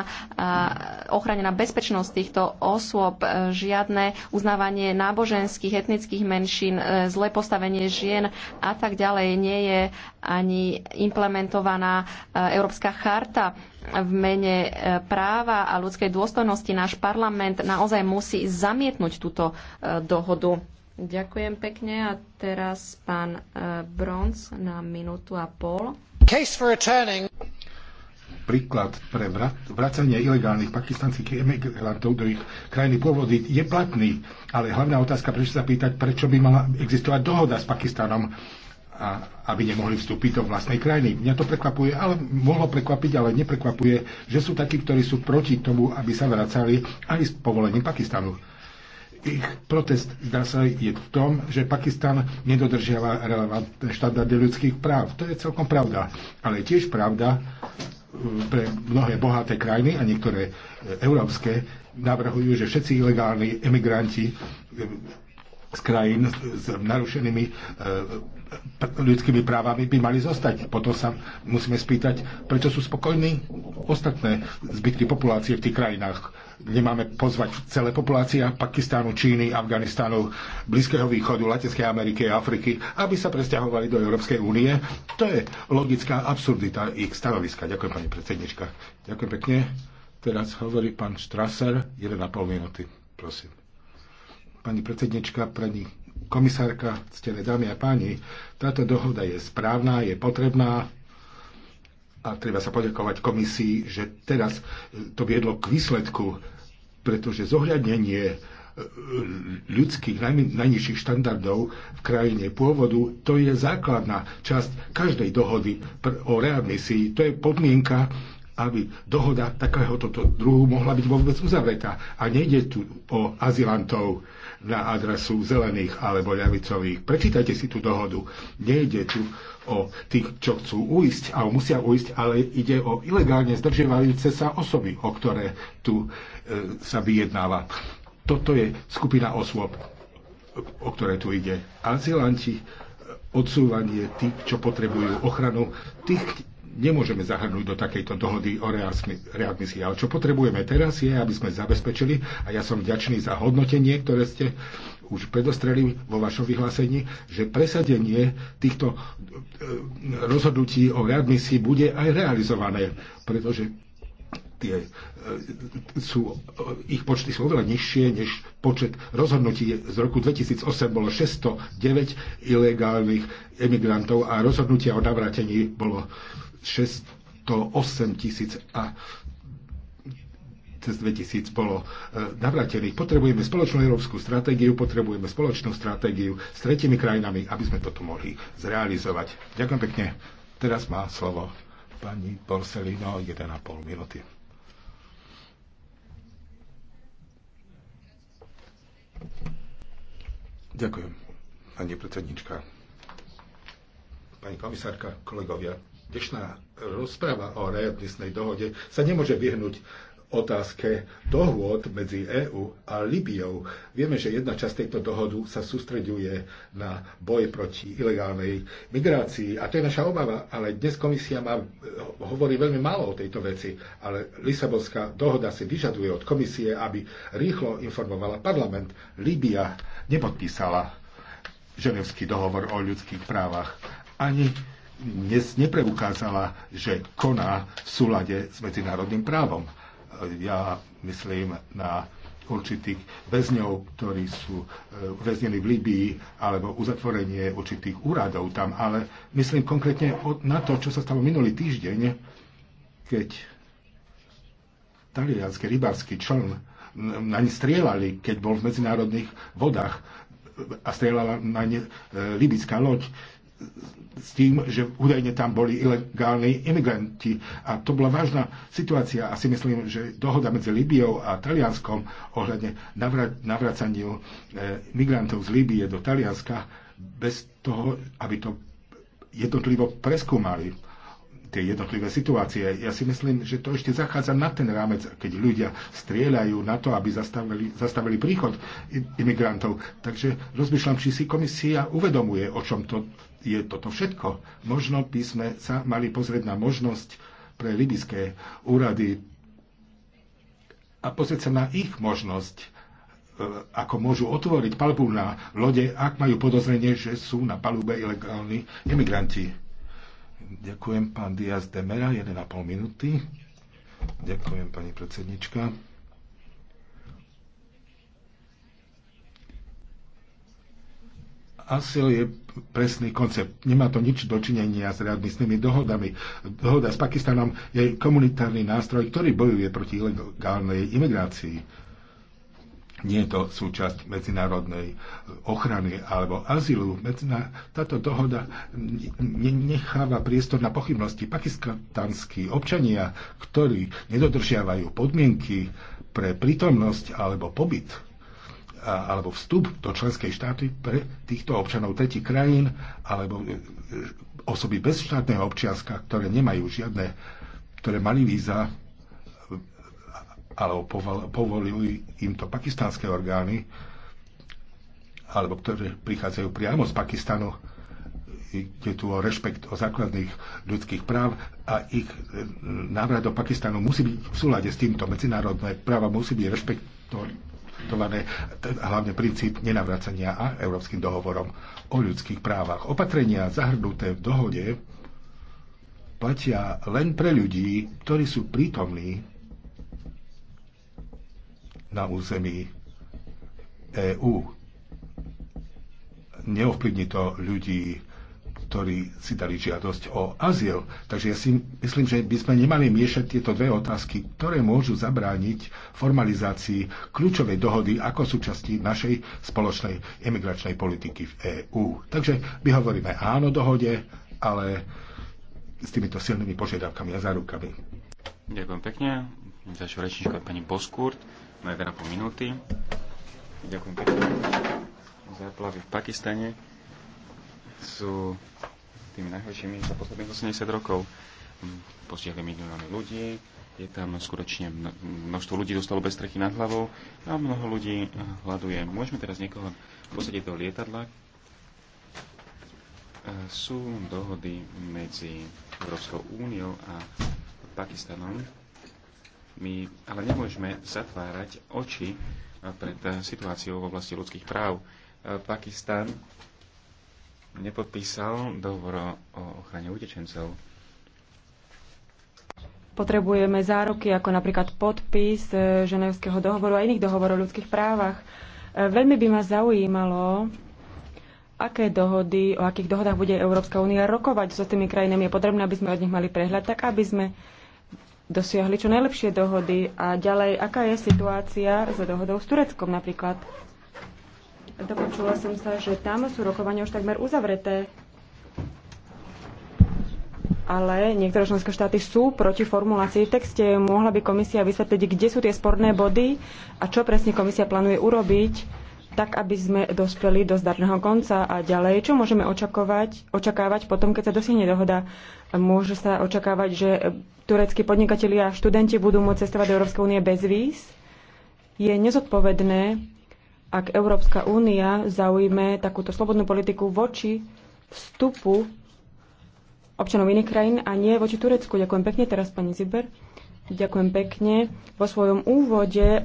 ochranená bezpečnosť týchto osôb, žiadne uznávanie náboženských, etnických menšín, zlé postavenie žien a tak ďalej nie je ani implementovaná Európska charta v mene e, práva a ľudskej dôstojnosti náš parlament naozaj musí zamietnúť túto e, dohodu. Ďakujem pekne a teraz pán e, Bronz na minútu a pol.
Case for returning. Príklad pre vracanie ilegálnych pakistanských emigrantov do ich krajiny pôvody je platný, ale hlavná otázka, prečo sa pýtať, prečo by mala existovať dohoda s Pakistanom a aby nemohli vstúpiť do vlastnej krajiny. Mňa to prekvapuje, ale mohlo prekvapiť, ale neprekvapuje, že sú takí, ktorí sú proti tomu, aby sa vracali aj s povolením Pakistanu. Ich protest, zdá sa, je v tom, že Pakistan nedodržiava relevantné štandardy ľudských práv. To je celkom pravda. Ale tiež pravda e, pre mnohé bohaté krajiny a niektoré e, európske navrhujú, že všetci ilegálni emigranti e, z krajín s narušenými e, ľudskými právami by mali zostať. Potom sa musíme spýtať, prečo sú spokojní ostatné zbytky populácie v tých krajinách. Nemáme pozvať celé populácia Pakistánu, Číny, Afganistánu, Blízkeho východu, Latinskej Ameriky a Afriky, aby sa presťahovali do Európskej únie. To je logická absurdita ich stanoviska. Ďakujem, pani predsednička. Ďakujem pekne. Teraz hovorí pán Strasser, 1,5 minúty. Prosím pani predsednička, pani komisárka, ctené dámy a páni. Táto dohoda je správna, je potrebná a treba sa poďakovať komisii, že teraz e, to viedlo k výsledku, pretože zohľadnenie e, ľudských najnižších štandardov v krajine pôvodu, to je základná časť každej dohody o readmisii. To je podmienka, aby dohoda takéhoto druhu mohla byť vôbec uzavretá. A nejde tu o azilantov, na adresu zelených alebo ľavicových. Prečítajte si tú dohodu. Nejde tu o tých, čo chcú uísť a musia uísť, ale ide o ilegálne zdržiavajúce sa osoby, o ktoré tu e, sa vyjednáva. Toto je skupina osôb, o ktoré tu ide. Azilanti, e, odsúvanie tých, čo potrebujú ochranu, tých, nemôžeme zahrnúť do takejto dohody o readmisii. Ale čo potrebujeme teraz je, aby sme zabezpečili, a ja som vďačný za hodnotenie, ktoré ste už predostreli vo vašom vyhlásení, že presadenie týchto e, rozhodnutí o readmisii bude aj realizované, pretože tie, e, sú, e, ich počty sú oveľa nižšie než počet rozhodnutí. Z roku 2008 bolo 609 ilegálnych emigrantov a rozhodnutia o navrátení bolo 608 tisíc a cez 2000 bolo e, navrátených. Potrebujeme spoločnú európsku stratégiu, potrebujeme spoločnú stratégiu s tretimi krajinami, aby sme toto mohli zrealizovať. Ďakujem pekne. Teraz má slovo pani Borsellino 1,5 minúty. Ďakujem, pani predsednička, pani komisárka, kolegovia dnešná rozpráva o readmisnej dohode sa nemôže vyhnúť otázke dohôd medzi EÚ a Libiou. Vieme, že jedna časť tejto dohodu sa sústreďuje na boj proti ilegálnej migrácii a to je naša obava, ale dnes komisia má, hovorí veľmi málo o tejto veci, ale Lisabonská dohoda si vyžaduje od komisie, aby rýchlo informovala parlament. Libia nepodpísala ženevský dohovor o ľudských právach ani dnes nepreukázala, že koná v súlade s medzinárodným právom. Ja myslím na určitých väzňov, ktorí sú e, väznení v Libii, alebo uzatvorenie určitých úradov tam. Ale myslím konkrétne na to, čo sa stalo minulý týždeň, keď talianský rybársky člen na ne strieľali, keď bol v medzinárodných vodách a strieľala na ne e, libická loď s tým, že údajne tam boli ilegálni imigranti. A to bola vážna situácia a si myslím, že dohoda medzi Líbiou a Talianskom ohľadne navracaniu e, migrantov z Líbie do Talianska bez toho, aby to jednotlivo preskúmali tie jednotlivé situácie. Ja si myslím, že to ešte zachádza na ten rámec, keď ľudia strieľajú na to, aby zastavili, zastavili príchod imigrantov. Takže rozmýšľam, či si komisia uvedomuje, o čom to je toto všetko. Možno by sme sa mali pozrieť na možnosť pre libyské úrady a pozrieť sa na ich možnosť e, ako môžu otvoriť palbu na lode, ak majú podozrenie, že sú na palube ilegálni imigranti. Ďakujem, pán Diaz de Mera, 1,5 minúty. Ďakujem, pani predsednička. Asil je presný koncept. Nemá to nič dočinenia s readmisnými dohodami. Dohoda s Pakistanom je komunitárny nástroj, ktorý bojuje proti ilegálnej imigrácii. Nie je to súčasť medzinárodnej ochrany alebo azylu. Medziná, táto dohoda necháva priestor na pochybnosti. Pakistanskí občania, ktorí nedodržiavajú podmienky pre prítomnosť alebo pobyt alebo vstup do členskej štáty pre týchto občanov tretich krajín alebo e, e, osoby bez štátneho občianska, ktoré nemajú žiadne, ktoré mali víza, alebo povolili im to pakistánske orgány, alebo ktoré prichádzajú priamo z Pakistanu, kde tu o rešpekt o základných ľudských práv a ich e, návrat do Pakistanu musí byť v súlade s týmto. Medzinárodné práva musí byť rešpektované, hlavne princíp nenavracania a Európskym dohovorom o ľudských právach. Opatrenia zahrnuté v dohode platia len pre ľudí, ktorí sú prítomní na území EÚ. Neovplyvní to ľudí, ktorí si dali žiadosť o azyl. Takže ja si myslím, že by sme nemali miešať tieto dve otázky, ktoré môžu zabrániť formalizácii kľúčovej dohody ako súčasti našej spoločnej imigračnej politiky v EÚ. Takže my hovoríme áno dohode, ale s týmito silnými požiadavkami a zárukami.
Ďakujem pekne. Ďalšou rečničkou pani Boskurt na 1,5 minúty. Ďakujem pekne. Záplavy v Pakistane sú tými najhoršími za posledných 80 rokov. Hm, postihli milióny ľudí, je tam skutočne množstvo ľudí dostalo bez strechy nad hlavou a mnoho ľudí hm, hľaduje. Môžeme teraz niekoho posadiť do lietadla. Hm, sú dohody medzi Európskou úniou a Pakistanom. My ale nemôžeme zatvárať oči pred eh, situáciou v oblasti ľudských práv. Eh, Pakistan nepodpísal dohovor o ochrane utečencov.
Potrebujeme záruky ako napríklad podpis eh, Ženevského dohovoru a iných dohovorov o ľudských právach. Veľmi by ma zaujímalo, aké dohody, o akých dohodách bude Európska únia rokovať so tými krajinami. Je potrebné, aby sme od nich mali prehľad, tak aby sme dosiahli čo najlepšie dohody. A ďalej, aká je situácia s dohodou s Tureckom napríklad? Dopočula som sa, že tam sú rokovania už takmer uzavreté. Ale niektoré členské štáty sú proti formulácii v texte. Mohla by komisia vysvetliť, kde sú tie sporné body a čo presne komisia plánuje urobiť, tak aby sme dospeli do zdarného konca a ďalej, čo môžeme očakovať, očakávať potom, keď sa dosiahne dohoda. Môže sa očakávať, že tureckí podnikatelia a študenti budú môcť cestovať do Európskej únie bez víz. Je nezodpovedné, ak Európska únia zaujme takúto slobodnú politiku voči vstupu občanov iných krajín a nie voči Turecku. Ďakujem pekne teraz, pani Ziber. Ďakujem pekne. Vo svojom úvode e,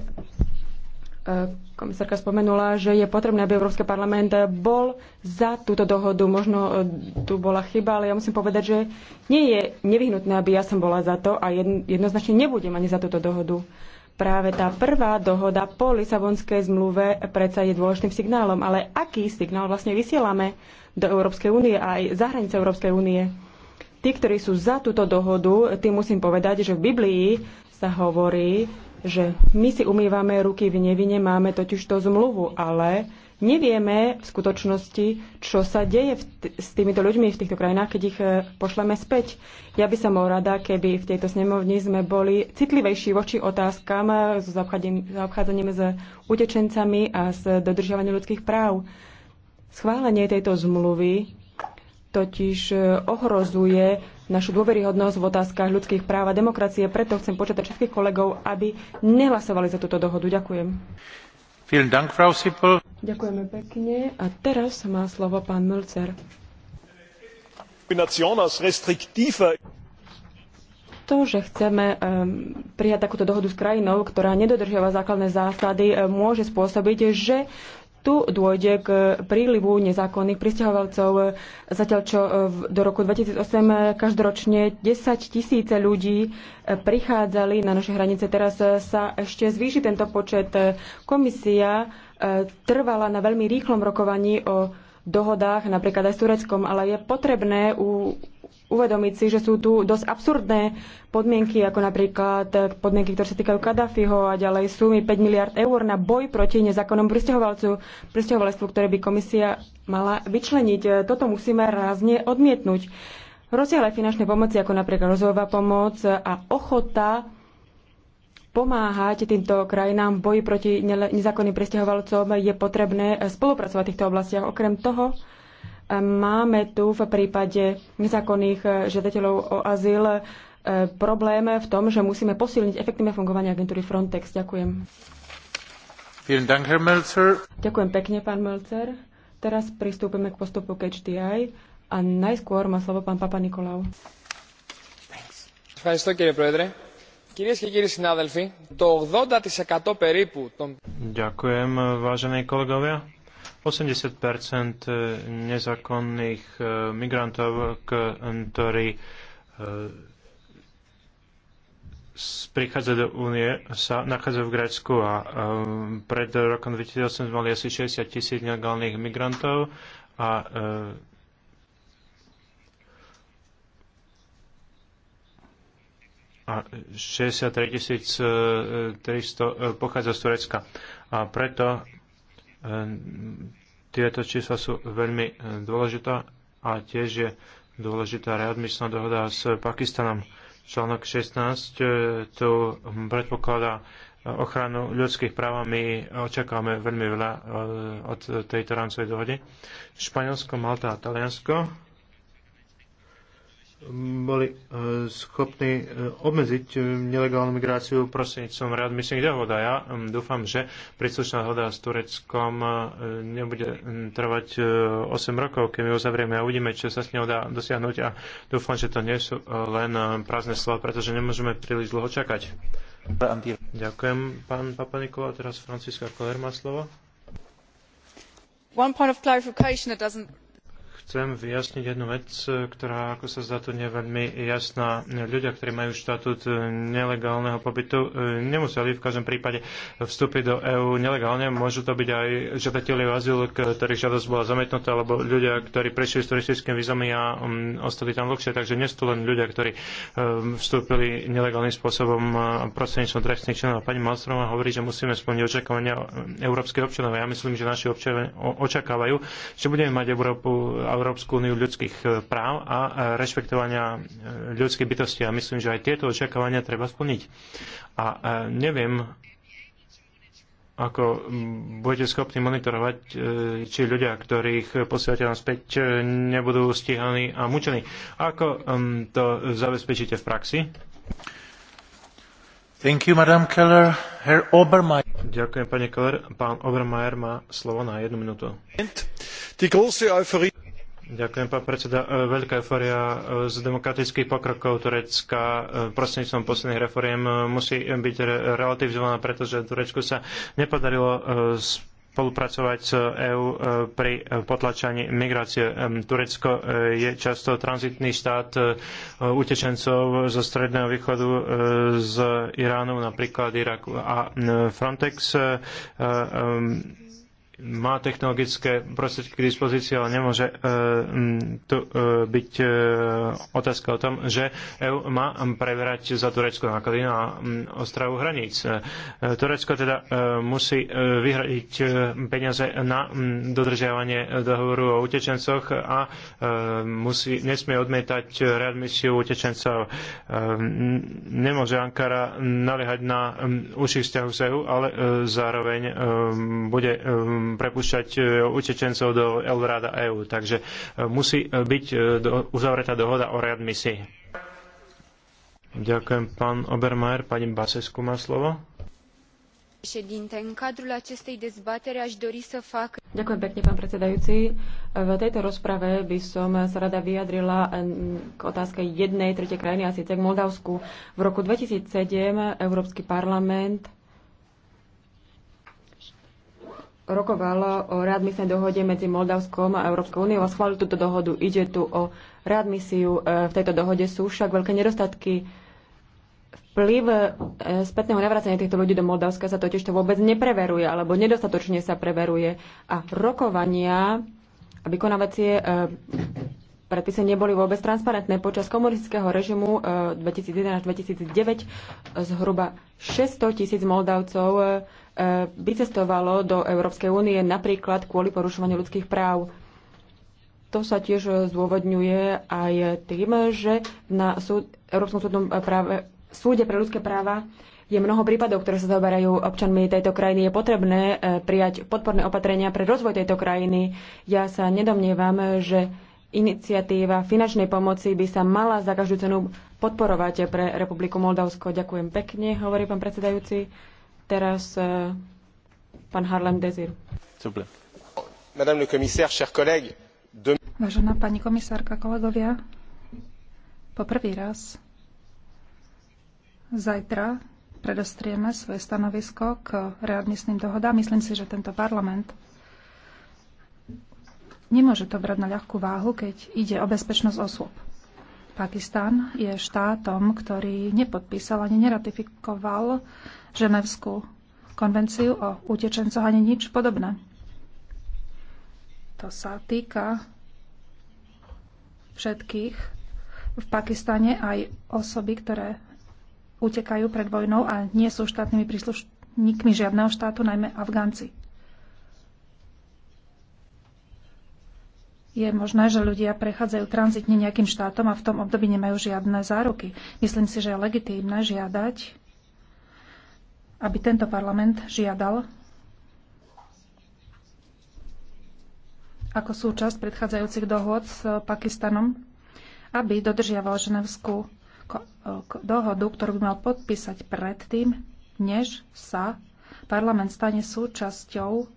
komisárka spomenula, že je potrebné, aby Európsky parlament bol za túto dohodu. Možno e, tu bola chyba, ale ja musím povedať, že nie je nevyhnutné, aby ja som bola za to a jednoznačne nebudem ani za túto dohodu. Práve tá prvá dohoda po Lisabonskej zmluve predsa je dôležitým signálom, ale aký signál vlastne vysielame do Európskej únie a aj za hranice Európskej únie? Tí, ktorí sú za túto dohodu, tým musím povedať, že v Biblii sa hovorí, že my si umývame ruky v nevine, máme totiž to zmluvu, ale nevieme v skutočnosti, čo sa deje s týmito ľuďmi v týchto krajinách, keď ich e, pošleme späť. Ja by som bol rada, keby v tejto snemovni sme boli citlivejší voči otázkam e, s zaobchádzaním s utečencami a s dodržiavaním ľudských práv. Schválenie tejto zmluvy totiž e, ohrozuje našu dôveryhodnosť v otázkach ľudských práv a demokracie. Preto chcem počítať všetkých kolegov, aby nehlasovali za túto dohodu. Ďakujem. Dank, Frau Ďakujeme pekne. A teraz má slovo pán Mölzer. To, že chceme um, prijať takúto dohodu s krajinou, ktorá nedodržiava základné zásady, e, môže spôsobiť, že tu dôjde k prílivu nezákonných pristahovalcov, zatiaľ čo do roku 2008 každoročne 10 tisíce ľudí eh, prichádzali na naše hranice. Teraz eh, sa ešte zvýši tento počet. Komisia eh, trvala na veľmi rýchlom rokovaní o dohodách, napríklad aj s Tureckom, ale je potrebné u, uvedomiť si, že sú tu dosť absurdné podmienky, ako napríklad podmienky, ktoré sa týkajú Kadafiho a ďalej sumy 5 miliard eur na boj proti nezákonnom pristahovalstvu, ktoré by komisia mala vyčleniť. Toto musíme rázne odmietnúť. Rozsiahle finančné pomoci, ako napríklad rozvojová pomoc a ochota pomáhať týmto krajinám v boji proti nezákonným pristahovalcom je potrebné eh, spolupracovať v týchto oblastiach. Okrem toho, Máme tu v prípade nezákonných žiadateľov o azyl e, problém v tom, že musíme posilniť efektívne fungovanie agentúry Frontex. Ďakujem. Ďakujem pekne, pán Melcer. Teraz pristúpime k postupu k HDI a najskôr má slovo pán Papa Nikolau.
Ďakujem, vážení kolegovia. 80 e, nezákonných e, migrantov, ktorí e, prichádza do únie, sa nachádza v Grécku a pred rokom 2008 mali asi 60 tisíc nelegálnych migrantov a a 63 300 pochádza z Turecka. A preto Ehm, tieto čísla sú veľmi e, dôležité a tiež je dôležitá readmisná dohoda s Pakistanom. Článok 16 e, tu predpokladá ochranu ľudských práv a my očakávame veľmi veľa e, od tejto rámcovej dohody. Španielsko, Malta a Taliansko boli e, schopní e, obmedziť e, nelegálnu migráciu prostredníctvom readmisných dohod. A ja dúfam, že príslušná dohoda s Tureckom nebude trvať 8 rokov, keď ju uzavrieme a uvidíme, čo sa s ňou dá dosiahnuť. A dúfam, že to nie sú len prázdne slova, pretože nemôžeme príliš dlho čakať. Ďakujem, pán Papa Nikola. Teraz Franciska Koler má slovo.
One point of clarification
that doesn't
chcem vyjasniť jednu vec, ktorá, ako sa zdá, tu nie je veľmi jasná. Ľudia, ktorí majú štatút nelegálneho pobytu, e, nemuseli v každom prípade vstúpiť do EÚ nelegálne. Môžu to byť aj žiadatelia o azyl, ktorých žiadosť bola zametnutá, alebo ľudia, ktorí prešli s turistickým vízami a mm, ostali tam dlhšie. Takže nie sú len ľudia, ktorí e, vstúpili nelegálnym spôsobom e, prostredníctvom trestných činov. pani Malstromová hovorí, že musíme splniť očakávania európskych občanov. Ja myslím, že naši občania očakávajú, že budeme mať Európu Európsku úniu ľudských e, práv a e, rešpektovania e, ľudskej bytosti. A myslím, že aj tieto očakávania treba splniť. A neviem, ako budete schopní monitorovať, či ľudia, ktorých posielate nám späť, nebudú stíhaní a mučení. Ako to zabezpečíte v praxi? Thank you, Madam Keller. Herr Obermeier. Ďakujem, pani Keller. Pán Obermeier má slovo na jednu minútu. Ďakujem, pán predseda. E, veľká euforia e, z demokratických pokrokov Turecka e, prostredníctvom posledných reforiem musí byť relativizovaná, pretože Turecku sa nepodarilo spolupracovať s EÚ pri potlačaní migrácie. Turecko je často tranzitný štát utečencov zo Stredného východu, z Iránu, napríklad Iraku. A Frontex má technologické prostriedky k dispozícii, ale nemôže uh, tu uh, byť uh, otázka o tom, že EU má preverať za Turecko náklady na ostravu hraníc. Uh, Turecko teda uh, musí uh, vyhradiť uh, peniaze na um, dodržiavanie dohovoru o utečencoch a uh, musí, nesmie odmietať readmisiu utečencov. Uh, nemôže Ankara naliehať na um, užších vzťahov s EU, ale uh, zároveň um, bude um, prepúšťať e, utečencov do Eldoráda EÚ. Takže e, musí e, byť uzavretá dohoda o readmisii. Ďakujem, pán Obermajer. Pani Basescu má slovo.
Ďakujem pekne, pán predsedajúci. V tejto rozprave by som sa rada vyjadrila k otázke jednej tretej krajiny, a síce k Moldavsku. V roku 2007 Európsky parlament rokovalo o readmisnej dohode medzi Moldavskom a Európskou úniou a schválil túto dohodu. Ide tu o readmisiu. E, v tejto dohode sú však veľké nedostatky. Vplyv e, spätného navracania týchto ľudí do Moldavska sa totiž to vôbec nepreveruje, alebo nedostatočne sa preveruje. A rokovania a vykonávacie e, predpisy neboli vôbec transparentné. Počas komunistického režimu 2011 až 2009 zhruba 600 tisíc Moldavcov Eh, vycestovalo do Európskej únie napríklad kvôli porušovaniu ľudských práv. To sa tiež zdôvodňuje aj tým, že na súd, Európskom súdnom eh, práve, súde pre ľudské práva je mnoho prípadov, ktoré sa zaoberajú občanmi tejto krajiny. Je potrebné eh, prijať podporné opatrenia pre rozvoj tejto krajiny. Ja sa nedomnievam, že iniciatíva finančnej pomoci by sa mala za každú cenu podporovať pre Republiku Moldavsko. Ďakujem pekne, hovorí pán predsedajúci. Teraz eh, pán Harlem Dezir.
Madame le commissaire, chers collègues, de...
Vážená pani komisárka, kolegovia, po prvý raz zajtra predostrieme svoje stanovisko k readmisným dohodám. Myslím si, že tento parlament nemôže to brať na ľahkú váhu, keď ide o bezpečnosť osôb. Pakistan je štátom, ktorý nepodpísal ani neratifikoval Ženevskú konvenciu o utečencoch ani nič podobné. To sa týka všetkých v Pakistane aj osoby, ktoré utekajú pred vojnou a nie sú štátnymi príslušníkmi žiadneho štátu, najmä Afgánci. Je možné, že ľudia prechádzajú tranzitne nejakým štátom a v tom období nemajú žiadne záruky. Myslím si, že je legitímne žiadať, aby tento parlament žiadal ako súčasť predchádzajúcich dohôd s Pakistanom, aby dodržiaval ženevskú dohodu, ktorú by mal podpísať predtým, než sa parlament stane súčasťou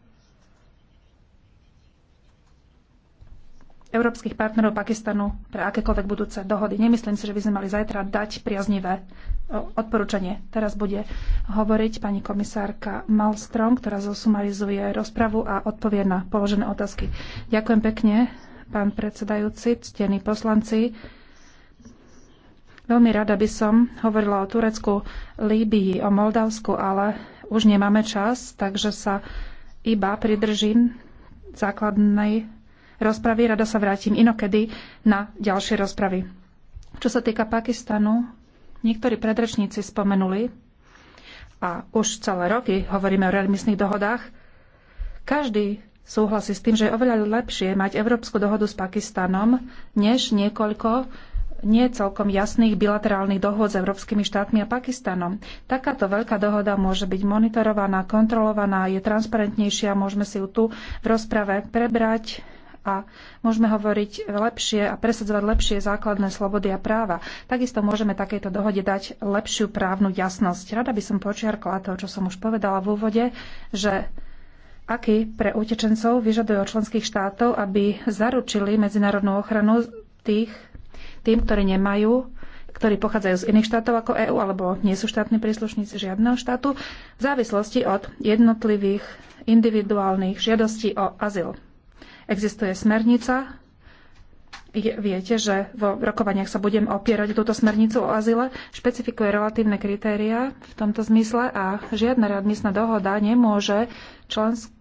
európskych partnerov Pakistanu pre akékoľvek budúce dohody. Nemyslím si, že by sme mali zajtra dať priaznivé odporúčanie. Teraz bude hovoriť pani komisárka Malstrom, ktorá zosumarizuje rozpravu a odpovie na položené otázky. Ďakujem pekne, pán predsedajúci, ctení poslanci. Veľmi rada by som hovorila o Turecku, Líbii, o Moldavsku, ale už nemáme čas, takže sa iba pridržím základnej rozpravy. Rada sa vrátim inokedy na ďalšie rozpravy. Čo sa týka Pakistanu, niektorí predrečníci spomenuli, a už celé roky hovoríme o readmisných dohodách, každý súhlasí s tým, že je oveľa lepšie mať európsku dohodu s Pakistanom, než niekoľko nie celkom jasných bilaterálnych dohod s európskymi štátmi a Pakistanom. Takáto veľká dohoda môže byť monitorovaná, kontrolovaná, je transparentnejšia, môžeme si ju tu v rozprave prebrať, a môžeme hovoriť lepšie a presadzovať lepšie základné slobody a práva. Takisto môžeme takejto dohode dať lepšiu právnu jasnosť. Rada by som počiarkla to, čo som už povedala v úvode, že aký pre utečencov vyžaduje od členských štátov, aby zaručili medzinárodnú ochranu tých, tým, ktorí nemajú ktorí pochádzajú z iných štátov ako EÚ alebo nie sú štátni príslušníci žiadneho štátu, v závislosti od jednotlivých individuálnych žiadostí o azyl. Existuje smernica. Viete, že v rokovaniach sa budem opierať túto smernicu o azyle. Špecifikuje relatívne kritéria v tomto zmysle a žiadna readmisná dohoda nemôže členský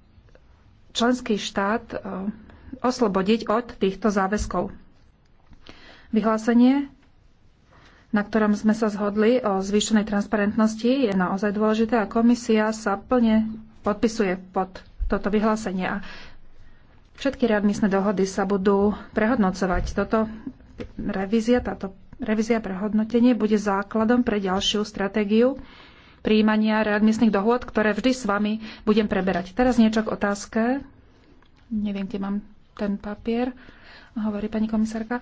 členský štát e, oslobodiť od týchto záväzkov. Vyhlásenie, na ktorom sme sa zhodli o zvýšenej transparentnosti, je naozaj dôležité a komisia sa plne podpisuje pod toto vyhlásenie. A Všetky readmisné dohody sa budú prehodnocovať. Toto revízia, táto revízia prehodnotenie bude základom pre ďalšiu stratégiu príjmania readmisných dohôd, ktoré vždy s vami budem preberať. Teraz niečo k otázke. Neviem, kde mám ten papier, hovorí pani komisárka.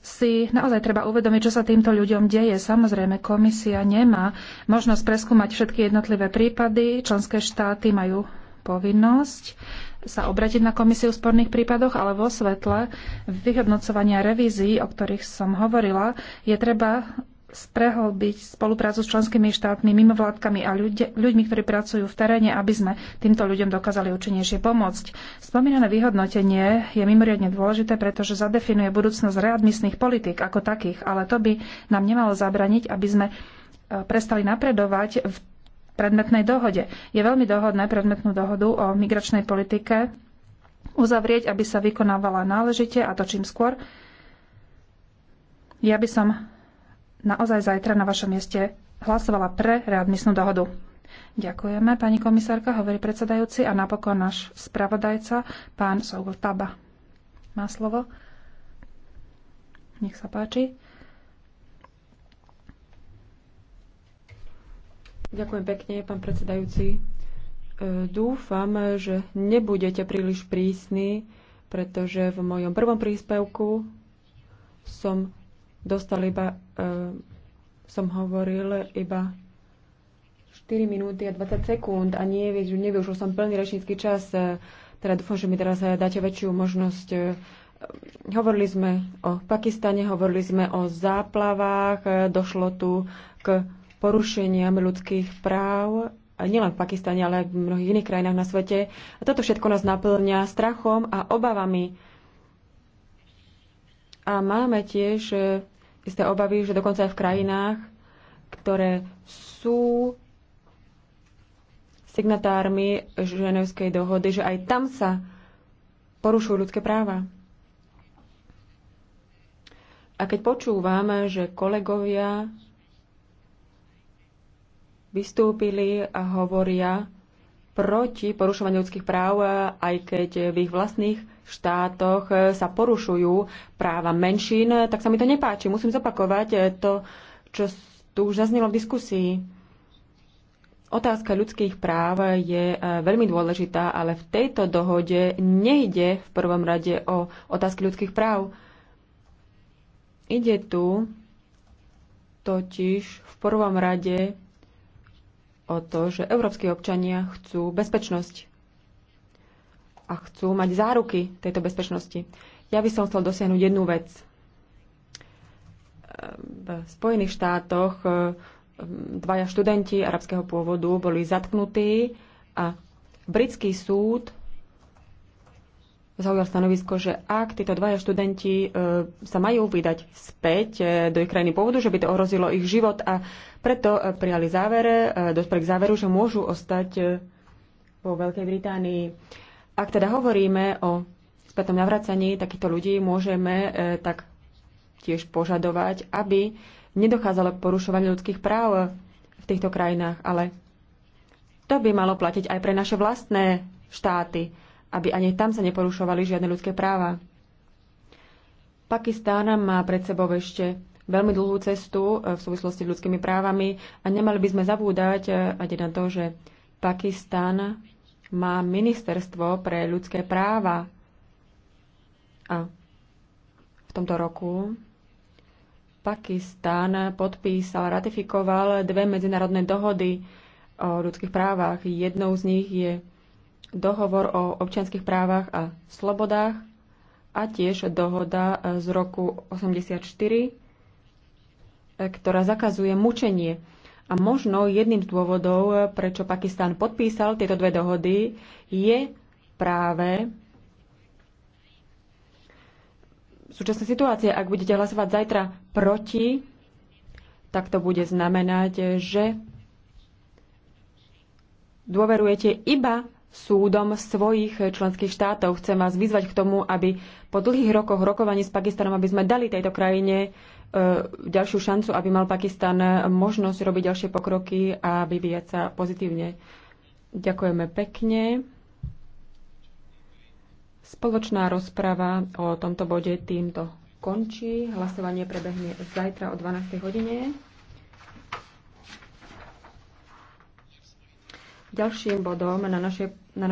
Si naozaj treba uvedomiť, čo sa týmto ľuďom deje. Samozrejme, komisia nemá možnosť preskúmať všetky jednotlivé prípady. Členské štáty majú povinnosť sa obratiť na komisiu v sporných prípadoch, ale vo svetle vyhodnocovania revízií, o ktorých som hovorila, je treba sprehlbiť spoluprácu s členskými štátmi, mimovládkami a ľuď, ľuďmi, ktorí pracujú v teréne, aby sme týmto ľuďom dokázali účinnejšie pomôcť. Spomínané vyhodnotenie je mimoriadne dôležité, pretože zadefinuje budúcnosť readmisných politik ako takých, ale to by nám nemalo zabraniť, aby sme eh, prestali napredovať v predmetnej dohode. Je veľmi dohodné predmetnú dohodu o migračnej politike uzavrieť, aby sa vykonávala náležite a to čím skôr. Ja by som naozaj zajtra na vašom mieste hlasovala pre readmisnú dohodu. Ďakujeme, pani komisárka, hovorí predsedajúci a napokon náš spravodajca, pán Sogol Taba. Má slovo. Nech sa páči.
Ďakujem pekne, pán predsedajúci. E, dúfam, že nebudete príliš prísni, pretože v mojom prvom príspevku som dostal iba, e, som hovoril iba 4 minúty a 20 sekúnd a nie, nevyužil som plný rečnícky čas. E, teda dúfam, že mi teraz dáte väčšiu možnosť Hovorili sme o Pakistane, hovorili sme o záplavách, došlo tu k porušeniam ľudských práv, nielen v Pakistane, ale aj v mnohých iných krajinách na svete. A toto všetko nás naplňa strachom a obavami. A máme tiež e, isté obavy, že dokonca aj v krajinách, ktoré sú signatármi Ženevskej dohody, že aj tam sa porušujú ľudské práva. A keď počúvam, že kolegovia vystúpili a hovoria proti porušovaniu ľudských práv, aj keď v ich vlastných štátoch sa porušujú práva menšín, tak sa mi to nepáči. Musím zopakovať to, čo tu už zaznelo v diskusii. Otázka ľudských práv je e, veľmi dôležitá, ale v tejto dohode nejde v prvom rade o otázky ľudských práv. Ide tu totiž v prvom rade o to, že európsky občania chcú bezpečnosť a chcú mať záruky tejto bezpečnosti. Ja by som chcel dosiahnuť jednu vec. V Spojených štátoch eh, dvaja študenti arabského pôvodu boli zatknutí a britský súd zaujal stanovisko, že ak títo dvaja študenti e, sa majú vydať späť e, do ich krajiny pôvodu, že by to ohrozilo ich život a preto e, prijali záver, dospeli k záveru, že môžu ostať vo Veľkej Británii. Ak teda hovoríme o spätnom navracaní takýchto ľudí, môžeme tak tiež požadovať, aby nedochádzalo k porušovaniu ľudských práv v týchto krajinách, ale to by malo platiť aj pre naše vlastné štáty aby ani tam sa neporušovali žiadne ľudské práva. Pakistán má pred sebou ešte veľmi dlhú cestu eh, v súvislosti s ľudskými právami a nemali by sme zabúdať eh, aj na to, že Pakistán má ministerstvo pre ľudské práva a v tomto roku Pakistán podpísal, ratifikoval dve medzinárodné dohody o ľudských právach. Jednou z nich je dohovor o občianských právach a slobodách a tiež dohoda e, z roku 84, e, ktorá zakazuje mučenie. A možno jedným z dôvodov, e, prečo Pakistán podpísal tieto dve dohody, je práve súčasná situácia. Ak budete hlasovať zajtra proti, tak to bude znamenať, že dôverujete iba súdom svojich členských štátov. Chcem vás vyzvať k tomu, aby po dlhých rokoch rokovaní s Pakistanom, aby sme dali tejto krajine e, ďalšiu šancu, aby mal Pakistan možnosť robiť ďalšie pokroky a vyvíjať sa pozitívne. Ďakujeme pekne. Spoločná rozprava o tomto bode týmto končí. Hlasovanie prebehne zajtra o 12. hodine. Ďalším bodom na našej